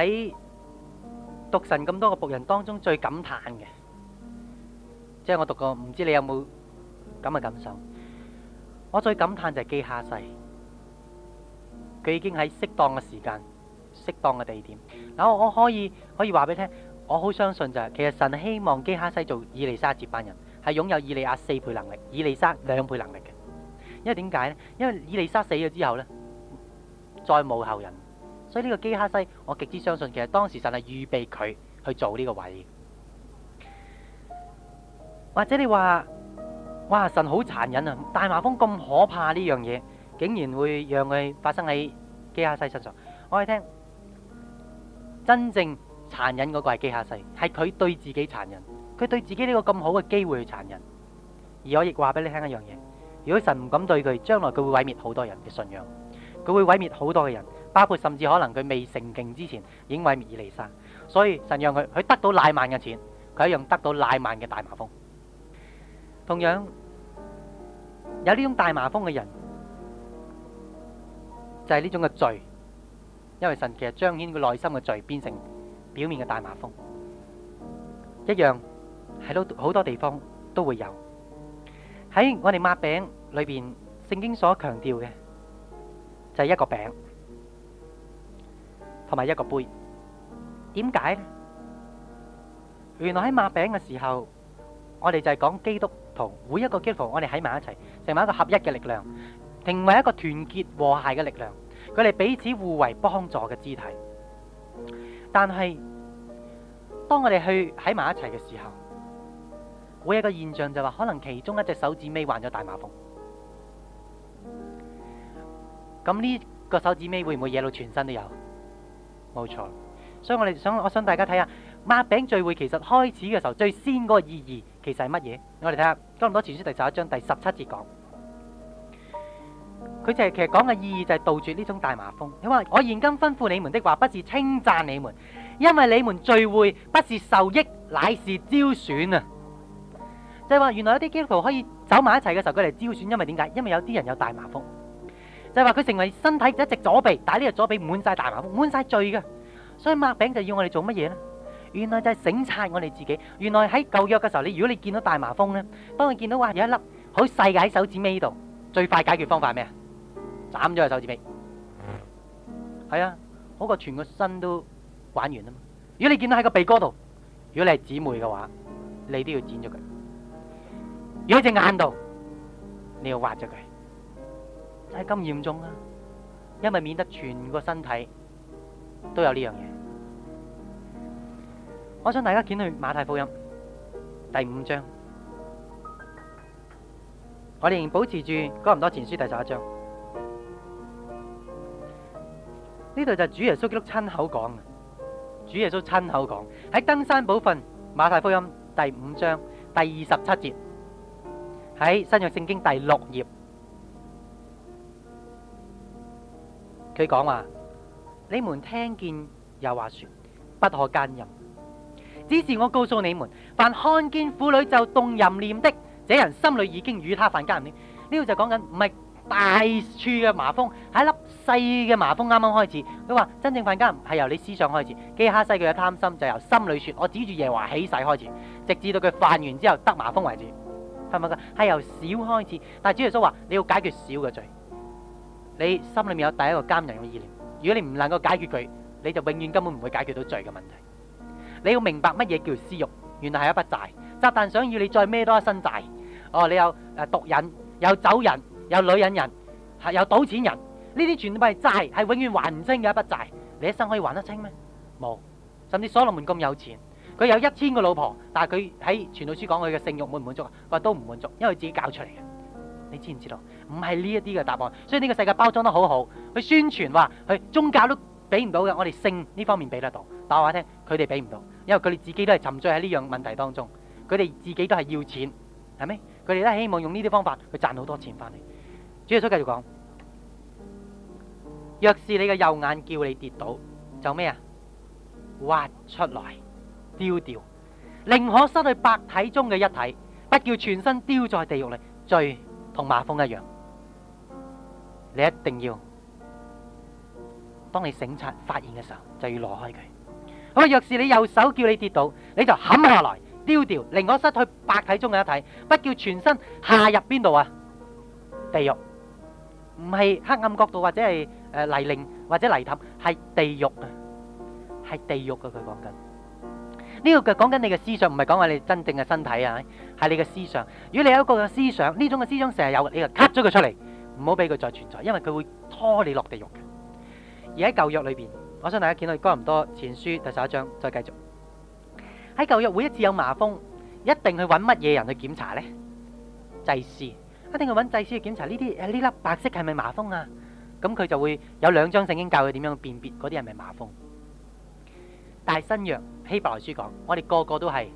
喺讀神咁多個僕人當中，最感嘆嘅，即係我讀過，唔知你有冇咁嘅感受？我最感嘆就係基哈西，佢已經喺適當嘅時間，適當嘅地點。嗱，我可以可以話俾你聽，我好相信就係，其實神希望基哈西做以利沙接班人，係擁有以利亞四倍能力、以利沙兩倍能力嘅。因為點解呢？因為以利沙死咗之後呢，再冇後人。所以呢個基哈西，我極之相信，其實當時神係預備佢去做呢個位。或者你話，哇，神好殘忍啊！大麻風咁可怕呢樣嘢，竟然會讓佢發生喺基哈西身上。我哋聽，真正殘忍嗰個係基哈西，係佢對自己殘忍，佢對自己呢個咁好嘅機會去殘忍。而我亦話俾你聽一樣嘢：如果神唔敢對佢，將來佢會毀滅好多人嘅信仰，佢會毀滅好多嘅人。包括甚至可能佢未成勁之前已經毀滅而離散，所以神讓佢佢得到乃縵嘅錢，佢一樣得到乃縵嘅大麻風。同樣有呢種大麻風嘅人，就係呢種嘅罪，因為神其實彰顯佢內心嘅罪，變成表面嘅大麻風，一樣喺到好多地方都會有。喺我哋抹餅裏邊，聖經所強調嘅就係一個餅，同埋一個杯，點解咧？原來喺擘餅嘅時候，我哋就係講基督徒。每一個基督徒，我哋喺埋一齊，成為一個合一嘅力量，成為一個團結和諧嘅力量，佢哋彼此互為幫助嘅肢體。但係當我哋去喺埋一齊嘅時候，會有一個現象就話、是，可能其中一隻手指尾患咗大麻風。咁呢個手指尾會唔會惹到全身都有？冇錯，所以我哋想，我想大家睇下抹餅聚會其實開始嘅時候，最先嗰個意義其實係乜嘢？我哋睇下哥林多前書第十一章第十七節講，佢就係、是、其實講嘅意義就係杜絕呢種大麻風。你話我現今吩咐你們的話，不是稱讚你們，因為你們聚會不是受益，乃是招損啊！就係話，原來有啲基督徒可以走埋一齊嘅時候，佢嚟招損，因為點解？因為有啲人有大麻風。就係話佢成為身體一隻左臂，但係呢隻左臂滿晒大麻風，滿晒罪嘅，所以擘餅就要我哋做乜嘢咧？原來就係醒察我哋自己。原來喺舊約嘅時候，你如果你見到大麻風咧，當你見到話有一粒好細嘅喺手指尾度，最快解決方法係咩啊？斬咗個手指尾。係啊，好過全個身都玩完啦。如果你見到喺個鼻哥度，如果你係姊妹嘅話，你都要剪咗佢；如果喺隻眼度，你要挖咗佢。係咁嚴重啊！因為免得全個身體都有呢樣嘢。我想大家見去馬太福音第五章，我哋保持住哥林多前書第十一章。呢度就係主耶穌基督親口講，主耶穌親口講喺登山寶訓馬太福音第五章第二十七節，喺新約聖經第六頁。佢講話：你們聽見有話說不可奸淫，只是我告訴你們，凡看見婦女就動淫念的，這人心裏已經與他犯奸淫。呢度就講緊唔係大處嘅麻風，係一粒細嘅麻風，啱啱開始。佢話真正犯奸係由你思想開始，基哈西佢嘅貪心就由心裏說我指住耶華起誓開始，直至到佢犯完之後得麻風為止。係咪：係由小開始，但係主耶穌話你要解決小嘅罪。你心裏面有第一個奸淫嘅意念，如果你唔能夠解決佢，你就永遠根本唔會解決到罪嘅問題。你要明白乜嘢叫私欲，原來係一筆債，集團想要你再孭多一身債。哦，你有誒毒癮，有酒癮，有女人癮，係有賭錢癮，呢啲全部係債，係永遠還唔清嘅一筆債。你一生可以還得清咩？冇。甚至所羅門咁有錢，佢有一千個老婆，但係佢喺傳道書講佢嘅性慾滿唔滿足啊？佢話都唔滿足，因為佢自己教出嚟嘅。你知唔知道？唔係呢一啲嘅答案，所以呢個世界包裝得好好，佢宣傳話佢宗教都俾唔到嘅，我哋性呢方面俾得到，但我話你聽，佢哋俾唔到，因為佢哋自己都係沉醉喺呢樣問題當中，佢哋自己都係要錢，係咪？佢哋都係希望用呢啲方法去賺好多錢翻嚟。主耶穌繼續講：若是你嘅右眼叫你跌倒，就咩啊？挖出來丟掉，寧可失去百體中嘅一體，不叫全身丟在地獄裏罪。最同馬蜂一樣，你一定要當你醒察發現嘅時候，就要攞開佢。好，若是你右手叫你跌倒，你就砍下來丟掉，令我失去百體中嘅一體，不叫全身下入邊度啊？地獄，唔係黑暗角度，或者係誒泥濘或者泥潭，係地獄啊，係地獄噶。佢講緊呢個嘅講緊你嘅思想，唔係講緊你真正嘅身體啊。係你嘅思想，如果你有一個嘅思想，呢種嘅思想成日有，你就 cut 咗佢出嚟，唔好俾佢再存在，因為佢會拖你落地獄嘅。而喺舊約裏邊，我想大家見到，唔多前書第十一章，再繼續。喺舊約，會一次有麻風，一定去揾乜嘢人去檢查呢？祭司，一定去揾祭司去檢查呢啲呢粒白色係咪麻風啊？咁佢就會有兩章聖經教佢點樣辨別嗰啲人係咪麻風。但係新約希伯來書講，我哋個個都係，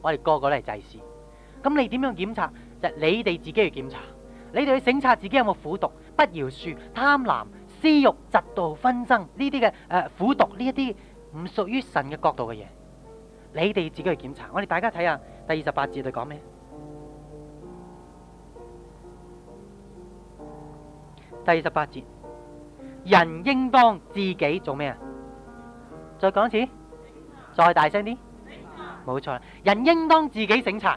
我哋個個都係祭司。咁你點樣檢查？就你哋自己去檢查，你哋去省察自己有冇苦毒、不饒恕、貪婪、私欲、嫉妒、紛爭呢啲嘅，誒，苦毒呢一啲唔屬於神嘅角度嘅嘢，你哋自己去檢查。我哋大家睇下第二十八節，佢講咩？第二十八節，人應當自己做咩啊？再講一次，再大聲啲，冇錯，人應當自己省察。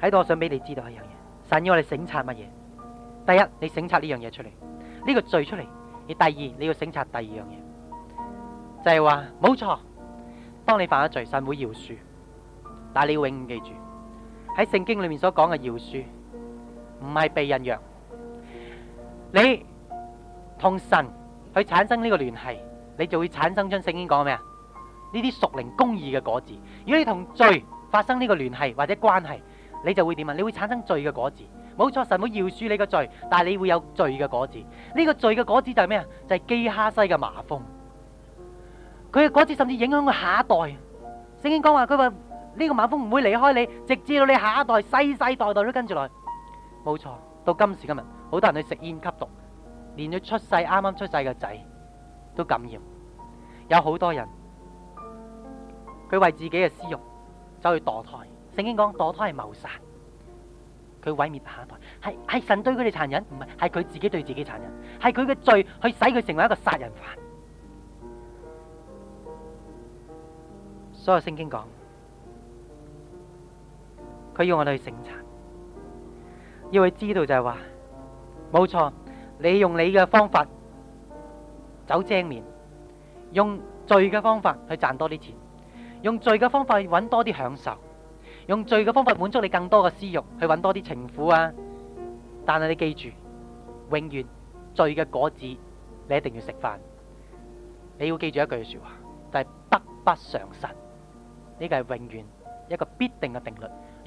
喺度，我想俾你知道一樣嘢，神要我哋省察乜嘢？第一，你省察呢樣嘢出嚟，呢、這個罪出嚟；你第二，你要省察第二樣嘢，就係話冇錯。當你犯咗罪，神會饒恕，但係你要永遠記住喺聖經裏面所講嘅饒恕，唔係避孕藥。你同神去產生呢個聯繫，你就會產生出聖經講咩啊？呢啲屬靈公義嘅果子。如果你同罪發生呢個聯繫或者關係，你就會點啊？你會產生罪嘅果子，冇錯，神會饒恕你嘅罪，但係你會有罪嘅果子。呢個罪嘅果子就係咩啊？就係基哈西嘅麻風。佢嘅果子甚至影響佢下一代。聖經講話，佢話呢個麻風唔會離開你，直至到你下一代世世代代都跟住來。冇錯，到今時今日，好多人去食煙吸毒，連佢出世啱啱出世嘅仔都感染。有好多人佢為自己嘅私慾走去墮胎。聖經講墮胎係謀殺，佢毀滅下一代，係係神對佢哋殘忍，唔係係佢自己對自己殘忍，係佢嘅罪去使佢成為一個殺人犯。所以聖經講，佢要我哋去醒察，要佢知道就係話，冇錯，你用你嘅方法走正面，用罪嘅方法去賺多啲錢，用罪嘅方法去搵多啲享受。用罪嘅方法滿足你更多嘅私欲，去揾多啲情婦啊！但係你記住，永遠罪嘅果子，你一定要食飯。你要記住一句說話，就係、是、得不償失。呢個係永遠一個必定嘅定律。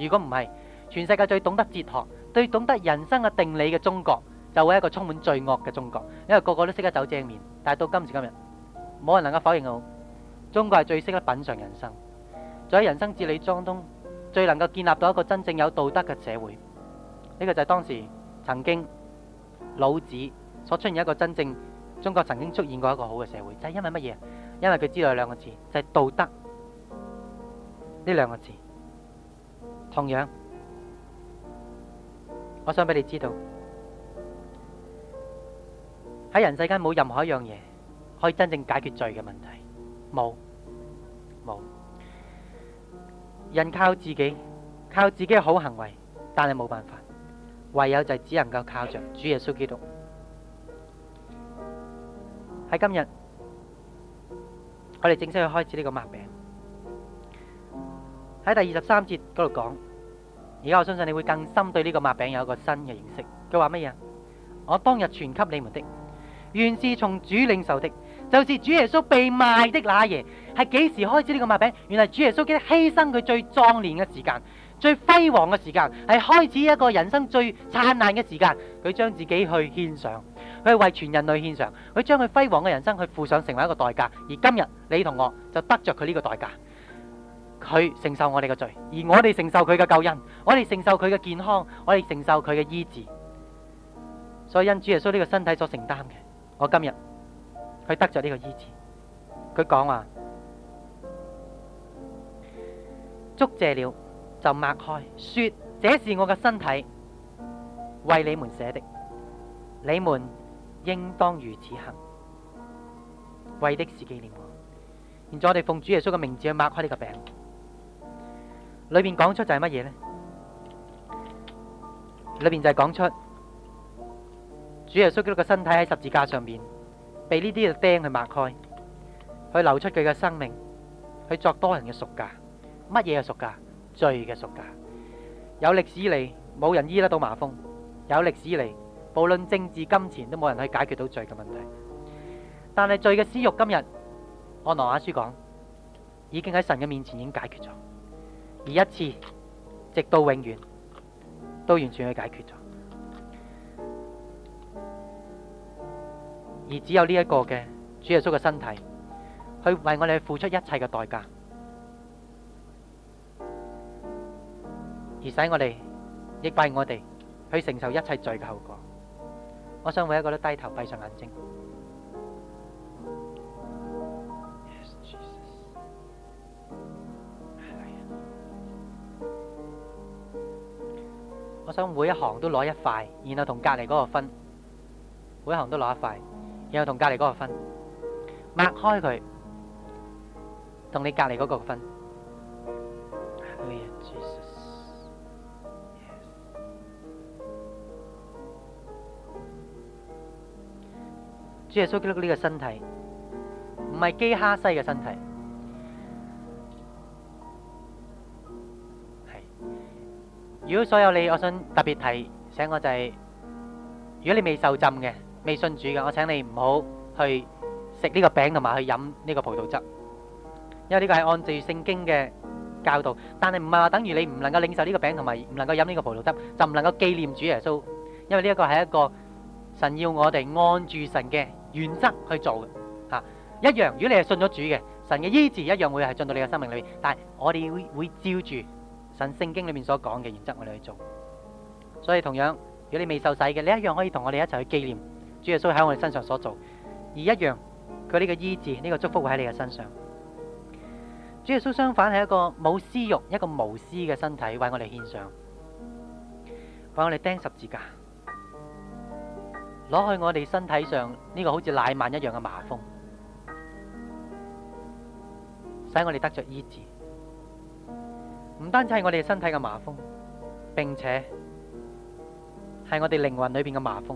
如果唔係，全世界最懂得哲學、最懂得人生嘅定理嘅中國，就會一個充滿罪惡嘅中國，因為個個都識得走精面。但係到今時今日，冇人能夠否認，我中國係最識得品嘗人生。在人生哲理莊通。最能夠建立到一個真正有道德嘅社會，呢個就係當時曾經老子所出現一個真正中國曾經出現過一個好嘅社會，就係因為乜嘢？因為佢知道兩個字，就係道德呢兩個字。同樣，我想俾你知道，喺人世間冇任何一樣嘢可以真正解決罪嘅問題，冇。人靠自己，靠自己嘅好行為，但係冇辦法，唯有就係只能夠靠着主耶穌基督。喺今日，我哋正式去開始呢個擘餅。喺第二十三節嗰度講，而家我相信你會更深對呢個擘餅有一個新嘅認識。佢話乜嘢？我當日傳給你們的，原是從主領受的。就是主耶穌被賣的那夜，係幾時開始呢個擘餅？原來主耶穌基督犧牲佢最壯年嘅時間、最輝煌嘅時間，係開始一個人生最燦爛嘅時間。佢將自己去獻上，佢係為全人類獻上，佢將佢輝煌嘅人生去付上成為一個代價。而今日你同我就得着佢呢個代價，佢承受我哋嘅罪，而我哋承受佢嘅救恩，我哋承受佢嘅健康，我哋承受佢嘅醫治。所以因主耶穌呢個身體所承擔嘅，我今日。佢得着呢個醫治，佢講話，祝謝了就擘開，說這是我嘅身體，為你們捨的，你們應當如此行，為的是紀念。現在我哋奉主耶穌嘅名字去擘開呢個餅，裏邊講出就係乜嘢呢？裏邊就係講出主耶穌嘅個身體喺十字架上面。被呢啲嘅釘去擘開，去流出佢嘅生命，去作多人嘅贖價。乜嘢嘅贖價？罪嘅贖價。有歷史嚟，冇人醫得到麻風。有歷史嚟，無論政治金錢，都冇人可以解決到罪嘅問題。但係罪嘅私慾，今日按諾亞書講，已經喺神嘅面前已經解決咗，而一次直到永遠都完全去解決咗。而只有呢一個嘅主耶穌嘅身體，去為我哋付出一切嘅代價，而使我哋，亦為我哋，去承受一切罪嘅後果。我想每一個都低頭閉上眼睛。Yes, 我想每一行都攞一塊，然後同隔籬嗰個分，每一行都攞一塊。然後同隔籬嗰個分，擘開佢，同你隔籬嗰個分。主耶穌基督呢個身體，唔係基哈西嘅身體。係，如果所有你，我想特別提醒我就係，如果你未受浸嘅。未信主嘅，我請你唔好去食呢個餅同埋去飲呢個葡萄汁，因為呢個係按住聖經嘅教導。但係唔係話等於你唔能夠領受呢個餅同埋唔能夠飲呢個葡萄汁，就唔能夠紀念主耶穌。因為呢一個係一個神要我哋按住神嘅原則去做嘅吓。一樣，如果你係信咗主嘅，神嘅醫治一樣會係進到你嘅生命裏面。但係我哋會會照住神聖經裏面所講嘅原則，我哋去做。所以同樣，如果你未受洗嘅，你一樣可以同我哋一齊去紀念。主耶穌喺我哋身上所做，而一樣佢呢個醫治呢個祝福會喺你嘅身上。主耶穌相反係一個冇私慾、一個無私嘅身體，為我哋獻上，為我哋釘十字架，攞去我哋身體上呢個好似奶慢一樣嘅麻風，使我哋得着醫治。唔單止係我哋身體嘅麻風，並且係我哋靈魂裏邊嘅麻風。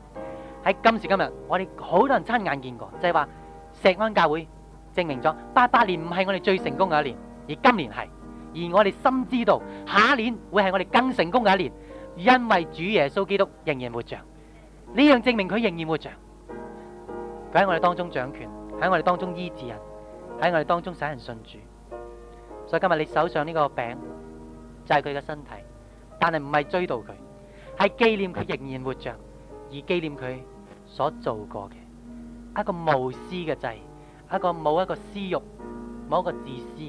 喺今時今日，我哋好多人親眼見過，就係話錫安教會證明咗八八年唔係我哋最成功嘅一年，而今年係，而我哋深知道下一年會係我哋更成功嘅一年，因為主耶穌基督仍然活着，呢樣證明佢仍然活着，佢喺我哋當中掌權，喺我哋當中醫治人，喺我哋當中使人信主。所以今日你手上呢個餅就係佢嘅身體，但係唔係追悼佢，係紀念佢仍然活着，而紀念佢。所做過嘅一個無私嘅祭，一個冇一個私欲，冇一個自私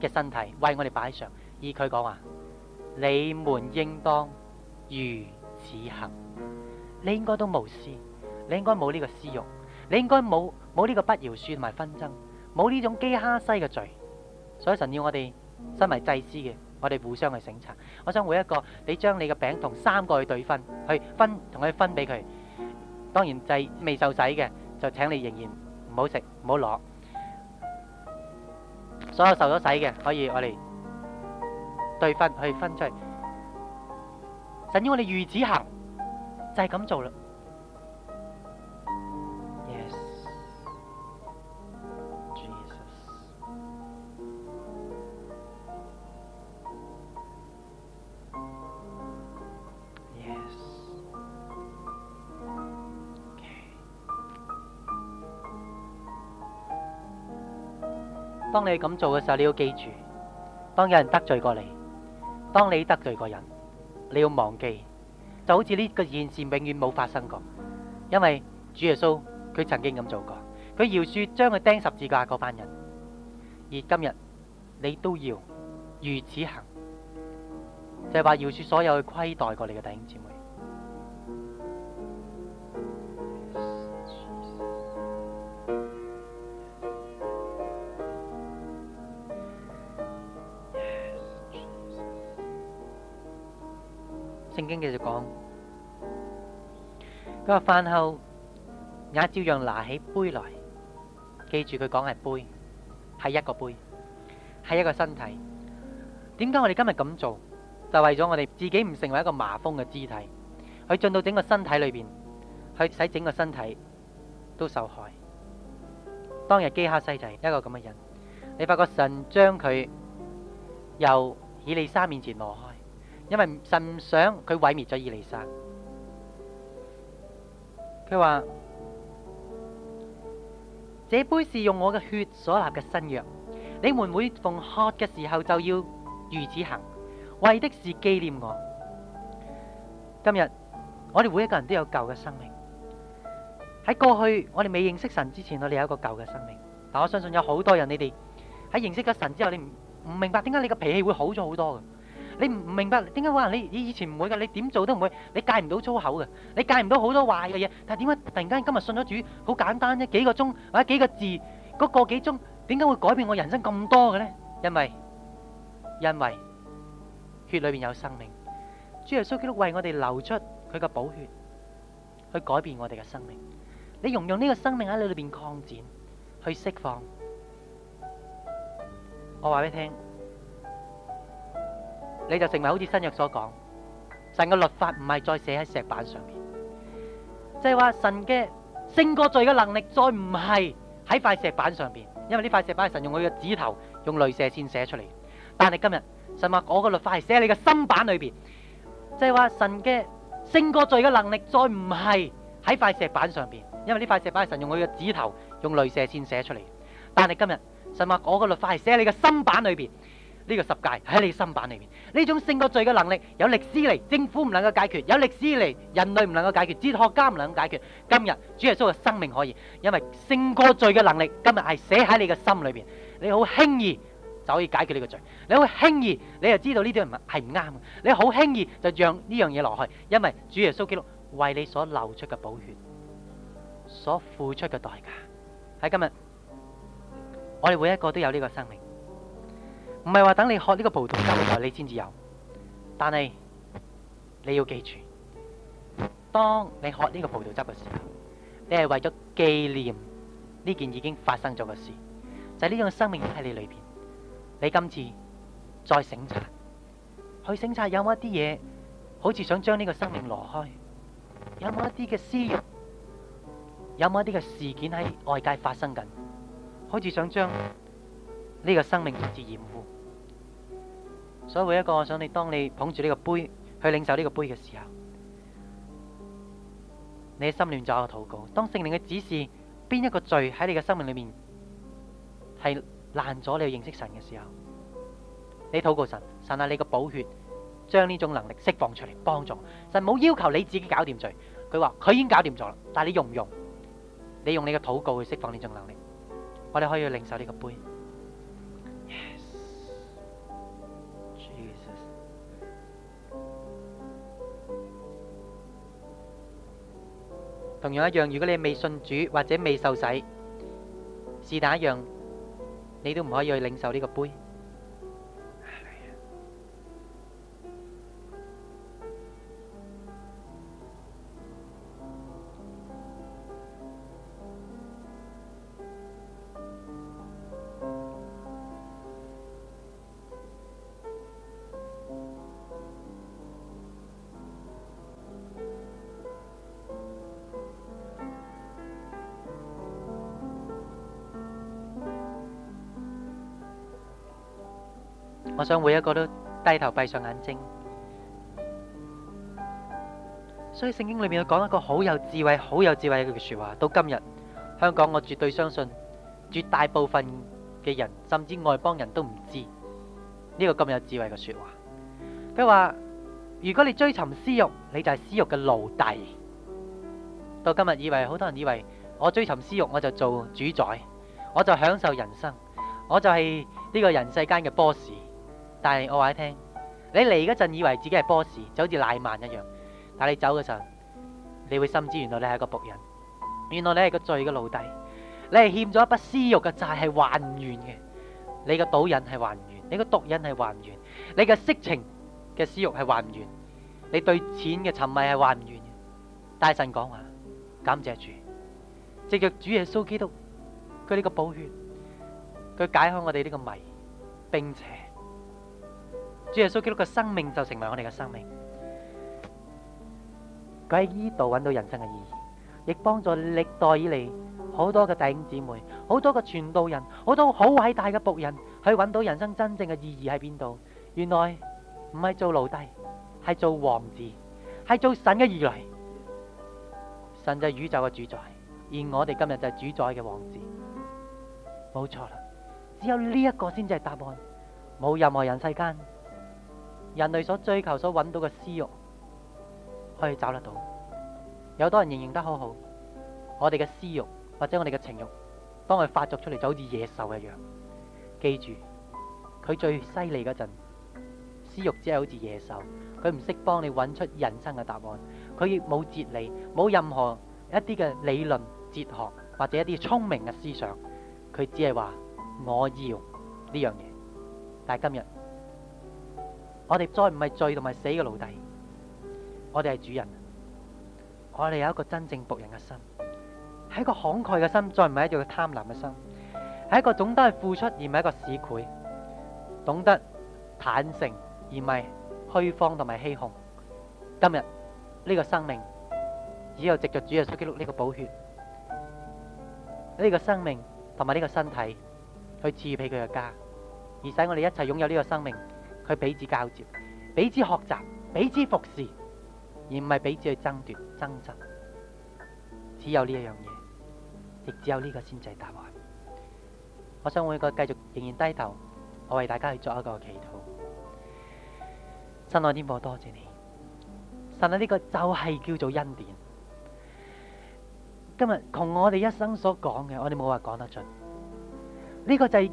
嘅身體，為我哋擺上。以佢講話：你們應當如此行。你應該都無私，你應該冇呢個私欲，你應該冇冇呢個不饒恕同埋紛爭，冇呢種基哈西嘅罪。所以神要我哋身為祭司嘅，我哋互相去省察。我想每一個你將你嘅餅同三個去對分，去分同佢分俾佢。當然，制未受洗嘅就請你仍然唔好食，唔好攞。所有受咗洗嘅，可以我哋對分去分出去。神要我哋如此行，就係、是、咁做啦。當你咁做嘅時候，你要記住，當有人得罪過你，當你得罪過人，你要忘記，就好似呢個現事永遠冇發生過，因為主耶穌佢曾經咁做過，佢饒恕將佢釘十字架嗰班人，而今日你都要如此行，就係話饒恕所有佢虧待過你嘅弟兄姊妹。聖經繼續講，嗰個飯後也照樣拿起杯來，記住佢講係杯，係一個杯，係一個身體。點解我哋今日咁做？就為咗我哋自己唔成為一個麻風嘅肢體，去進到整個身體裏邊，去使整個身體都受害。當日基哈西就係一個咁嘅人，你發覺神將佢由以利沙面前挪開。因為神唔想佢毀滅咗以利沙，佢話：這杯是用我嘅血所立嘅新約，你們每逢喝嘅時候就要如此行，為的是紀念我。今日我哋每一個人都有舊嘅生命，喺過去我哋未認識神之前，我哋有一個舊嘅生命。但我相信有好多人，你哋喺認識咗神之後，你唔唔明白點解你嘅脾氣會好咗好多嘅。你唔唔明白點解話你以以前唔會噶，你點做都唔會，你戒唔到粗口嘅，你戒唔到好多壞嘅嘢。但係點解突然間今日信咗主，好簡單啫，幾個鐘或者幾個字，嗰個幾鐘，點解會改變我人生咁多嘅呢？因為因為血裏邊有生命，主耶穌基督為我哋流出佢嘅寶血，去改變我哋嘅生命。你用用呢個生命喺你裏邊擴展，去釋放。我話俾你聽。你就成為好似新約所講，神嘅律法唔係再寫喺石板上邊，即係話神嘅勝過罪嘅能力再唔係喺塊石板上邊，因為呢塊石板係神用佢嘅指頭用雷射線寫出嚟。但係今日神話嗰個律法係寫喺你嘅心板裏邊，即係話神嘅勝過罪嘅能力再唔係喺塊石板上邊，因為呢塊石板係神用佢嘅指頭用雷射線寫出嚟。但係今日神話嗰個律法係寫喺你嘅心板裏邊。呢個十誡喺你心版裏邊，呢種勝過罪嘅能力有歷史嚟，政府唔能夠解決，有歷史嚟，人類唔能夠解決，哲學家唔能夠解決。今日主耶穌嘅生命可以，因為勝過罪嘅能力今日係寫喺你嘅心裏邊，你好輕易就可以解決呢個罪，你好輕易你就知道呢啲係唔係唔啱，你好輕易就讓呢樣嘢落去，因為主耶穌基督為你所流出嘅寶血，所付出嘅代價喺今日，我哋每一個都有呢個生命。唔係話等你喝呢個葡萄汁嘅時候你先至有，但係你要記住，當你喝呢個葡萄汁嘅時候，你係為咗紀念呢件已經發生咗嘅事，就係呢種生命喺你裏邊。你今次再省察，去省察有冇一啲嘢，好似想將呢個生命挪開，有冇一啲嘅私慾，有冇一啲嘅事件喺外界發生緊，好似想將。呢、這個生命直接掩護，所以每一個，我想你，當你捧住呢個杯去領受呢個杯嘅時候，你的心亂咗。個禱告。當聖靈嘅指示，邊一個罪喺你嘅生命裏面係爛咗，你去認識神嘅時候，你禱告神，神係，你個寶血將呢種能力釋放出嚟幫助。神冇要求你自己搞掂罪，佢話佢已經搞掂咗啦，但係你用唔用？你用你嘅禱告去釋放呢種能力，我哋可以去領受呢個杯。同樣一樣，如果你未信主或者未受洗，是但一樣，你都唔可以去領受呢個杯。將每一個都低頭閉上眼睛，所以聖經裏面要講一個好有智慧、好有智慧嘅一句說話。到今日香港，我絕對相信絕大部分嘅人，甚至外邦人都唔知呢個咁有智慧嘅說話。佢話：如果你追尋私欲，你就係私欲嘅奴隸。到今日，以為好多人以為我追尋私欲，我就做主宰，我就享受人生，我就係呢個人世間嘅 boss。但係我話你聽，你嚟嗰陣以為自己係 boss，就好似賴曼一樣。但係你走嗰陣你會深知原來你係個僕人，原來你係個罪嘅奴隸，你係欠咗一筆私欲嘅債係還唔完嘅。你個賭癮係還唔完，你個毒癮係還唔完，你嘅色情嘅私欲係還唔完，你對錢嘅沉迷係還唔完嘅。但神講話，感謝主，藉着主耶穌基督，佢呢個寶血，佢解開我哋呢個謎，並且。主耶穌基督嘅生命就成為我哋嘅生命，佢喺呢度揾到人生嘅意義，亦幫助歷代以嚟好多嘅弟兄姊妹、好多嘅傳道人、好多好偉大嘅僕人去揾到人生真正嘅意義喺邊度？原來唔係做奴隸，係做王子，係做神嘅兒女，神就宇宙嘅主宰，而我哋今日就係主宰嘅王子，冇錯啦！只有呢一個先至係答案，冇任何人世間。人類所追求、所揾到嘅私欲，可以找得到。有多人認認得好好，我哋嘅私欲或者我哋嘅情欲，當佢發作出嚟，就好似野獸一樣。記住，佢最犀利嗰陣，私欲只係好似野獸，佢唔識幫你揾出人生嘅答案，佢亦冇哲理，冇任何一啲嘅理論、哲學或者一啲聰明嘅思想，佢只係話我要呢樣嘢。但係今日。我哋再唔係罪同埋死嘅奴隸，我哋係主人。我哋有一個真正僕人嘅心，係一個慷慨嘅心，再唔係一個貪婪嘅心，係一個懂得付出而唔係一個市儈，懂得坦誠而唔係虛謊同埋欺哄。今日呢、這個生命，只有藉着主耶穌基督呢個寶血，呢、這個生命同埋呢個身體去賜俾佢嘅家，而使我哋一齊擁有呢個生命。去彼此交接，彼此學習，彼此服侍，而唔係彼此去爭奪爭執。只有呢一樣嘢，亦只有呢個先至答案。我想每個繼續仍然低頭，我為大家去作一個祈禱。神愛天父，多謝你。神喺呢個就係叫做恩典。今日同我哋一生所講嘅，我哋冇話講得盡呢個就係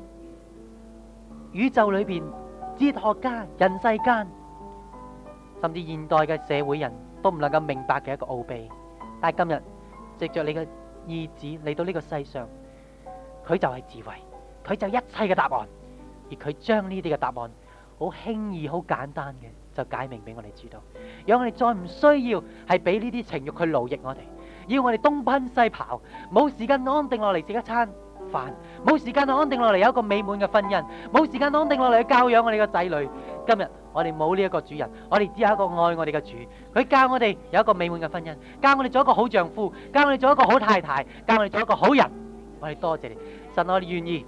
宇宙裏邊。哲學家、人世間，甚至現代嘅社會人都唔能夠明白嘅一個奧秘，但係今日藉着你嘅意志嚟到呢個世上，佢就係智慧，佢就是一切嘅答案，而佢將呢啲嘅答案好輕易、好簡單嘅就解明俾我哋知道，讓我哋再唔需要係俾呢啲情欲去奴役我哋，要我哋東奔西跑，冇時間安定落嚟食一餐。冇時間去安定落嚟有一個美滿嘅婚姻，冇時間安定落嚟去教養我哋嘅仔女。今日我哋冇呢一個主人，我哋只有一個愛我哋嘅主，佢教我哋有一個美滿嘅婚姻，教我哋做一個好丈夫，教我哋做一個好太太，教我哋做一個好人。我哋多謝你，神，我哋願意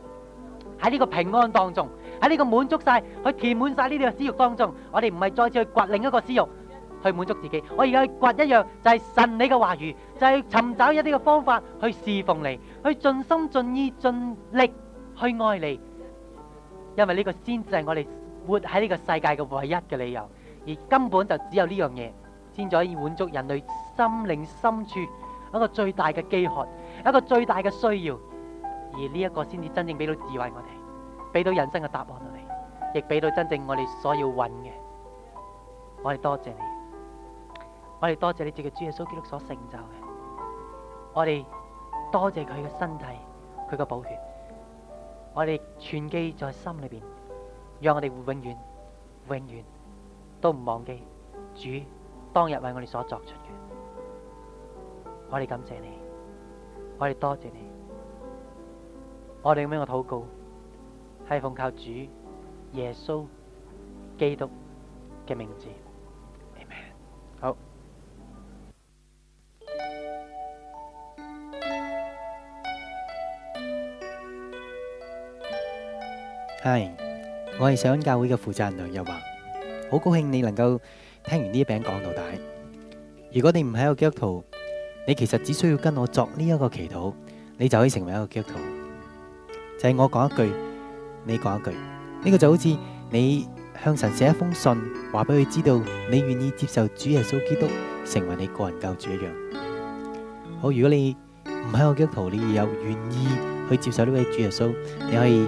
喺呢個平安當中，喺呢個滿足晒，去填滿晒呢啲嘅私欲當中，我哋唔係再次去掘另一個私欲。去滿足自己，我而家去掘一樣就係神你嘅話語，就係尋找一啲嘅方法去侍奉你，去盡心盡意盡力去愛你。因為呢個先至係我哋活喺呢個世界嘅唯一嘅理由，而根本就只有呢樣嘢先至可以滿足人類心靈深處一個最大嘅飢渴，一個最大嘅需要。而呢一個先至真正俾到智慧我哋，俾到人生嘅答案我哋，亦俾到真正我哋所要揾嘅。我哋多謝你。我哋多謝你借住，主耶穌基督所成就嘅。我哋多謝佢嘅身體，佢嘅寶血，我哋存記在心裏邊，讓我哋永遠永遠都唔忘記主當日為我哋所作出嘅。我哋感謝你，我哋多謝你，我哋咁樣嘅禱告係奉靠主耶穌基督嘅名字，Amen。好。我係上恩教會嘅負責人梁又華，好高興你能夠聽完呢一餅講道帶。如果你唔係一個基督徒，你其實只需要跟我作呢一個祈禱，你就可以成為一個基督徒。就係我講一句，你講一句，呢個就好似你向神寫一封信，話俾佢知道你願意接受主耶穌基督成為你個人救主一樣。好，如果你唔係一個基督徒，你又願意去接受呢位主耶穌，你可以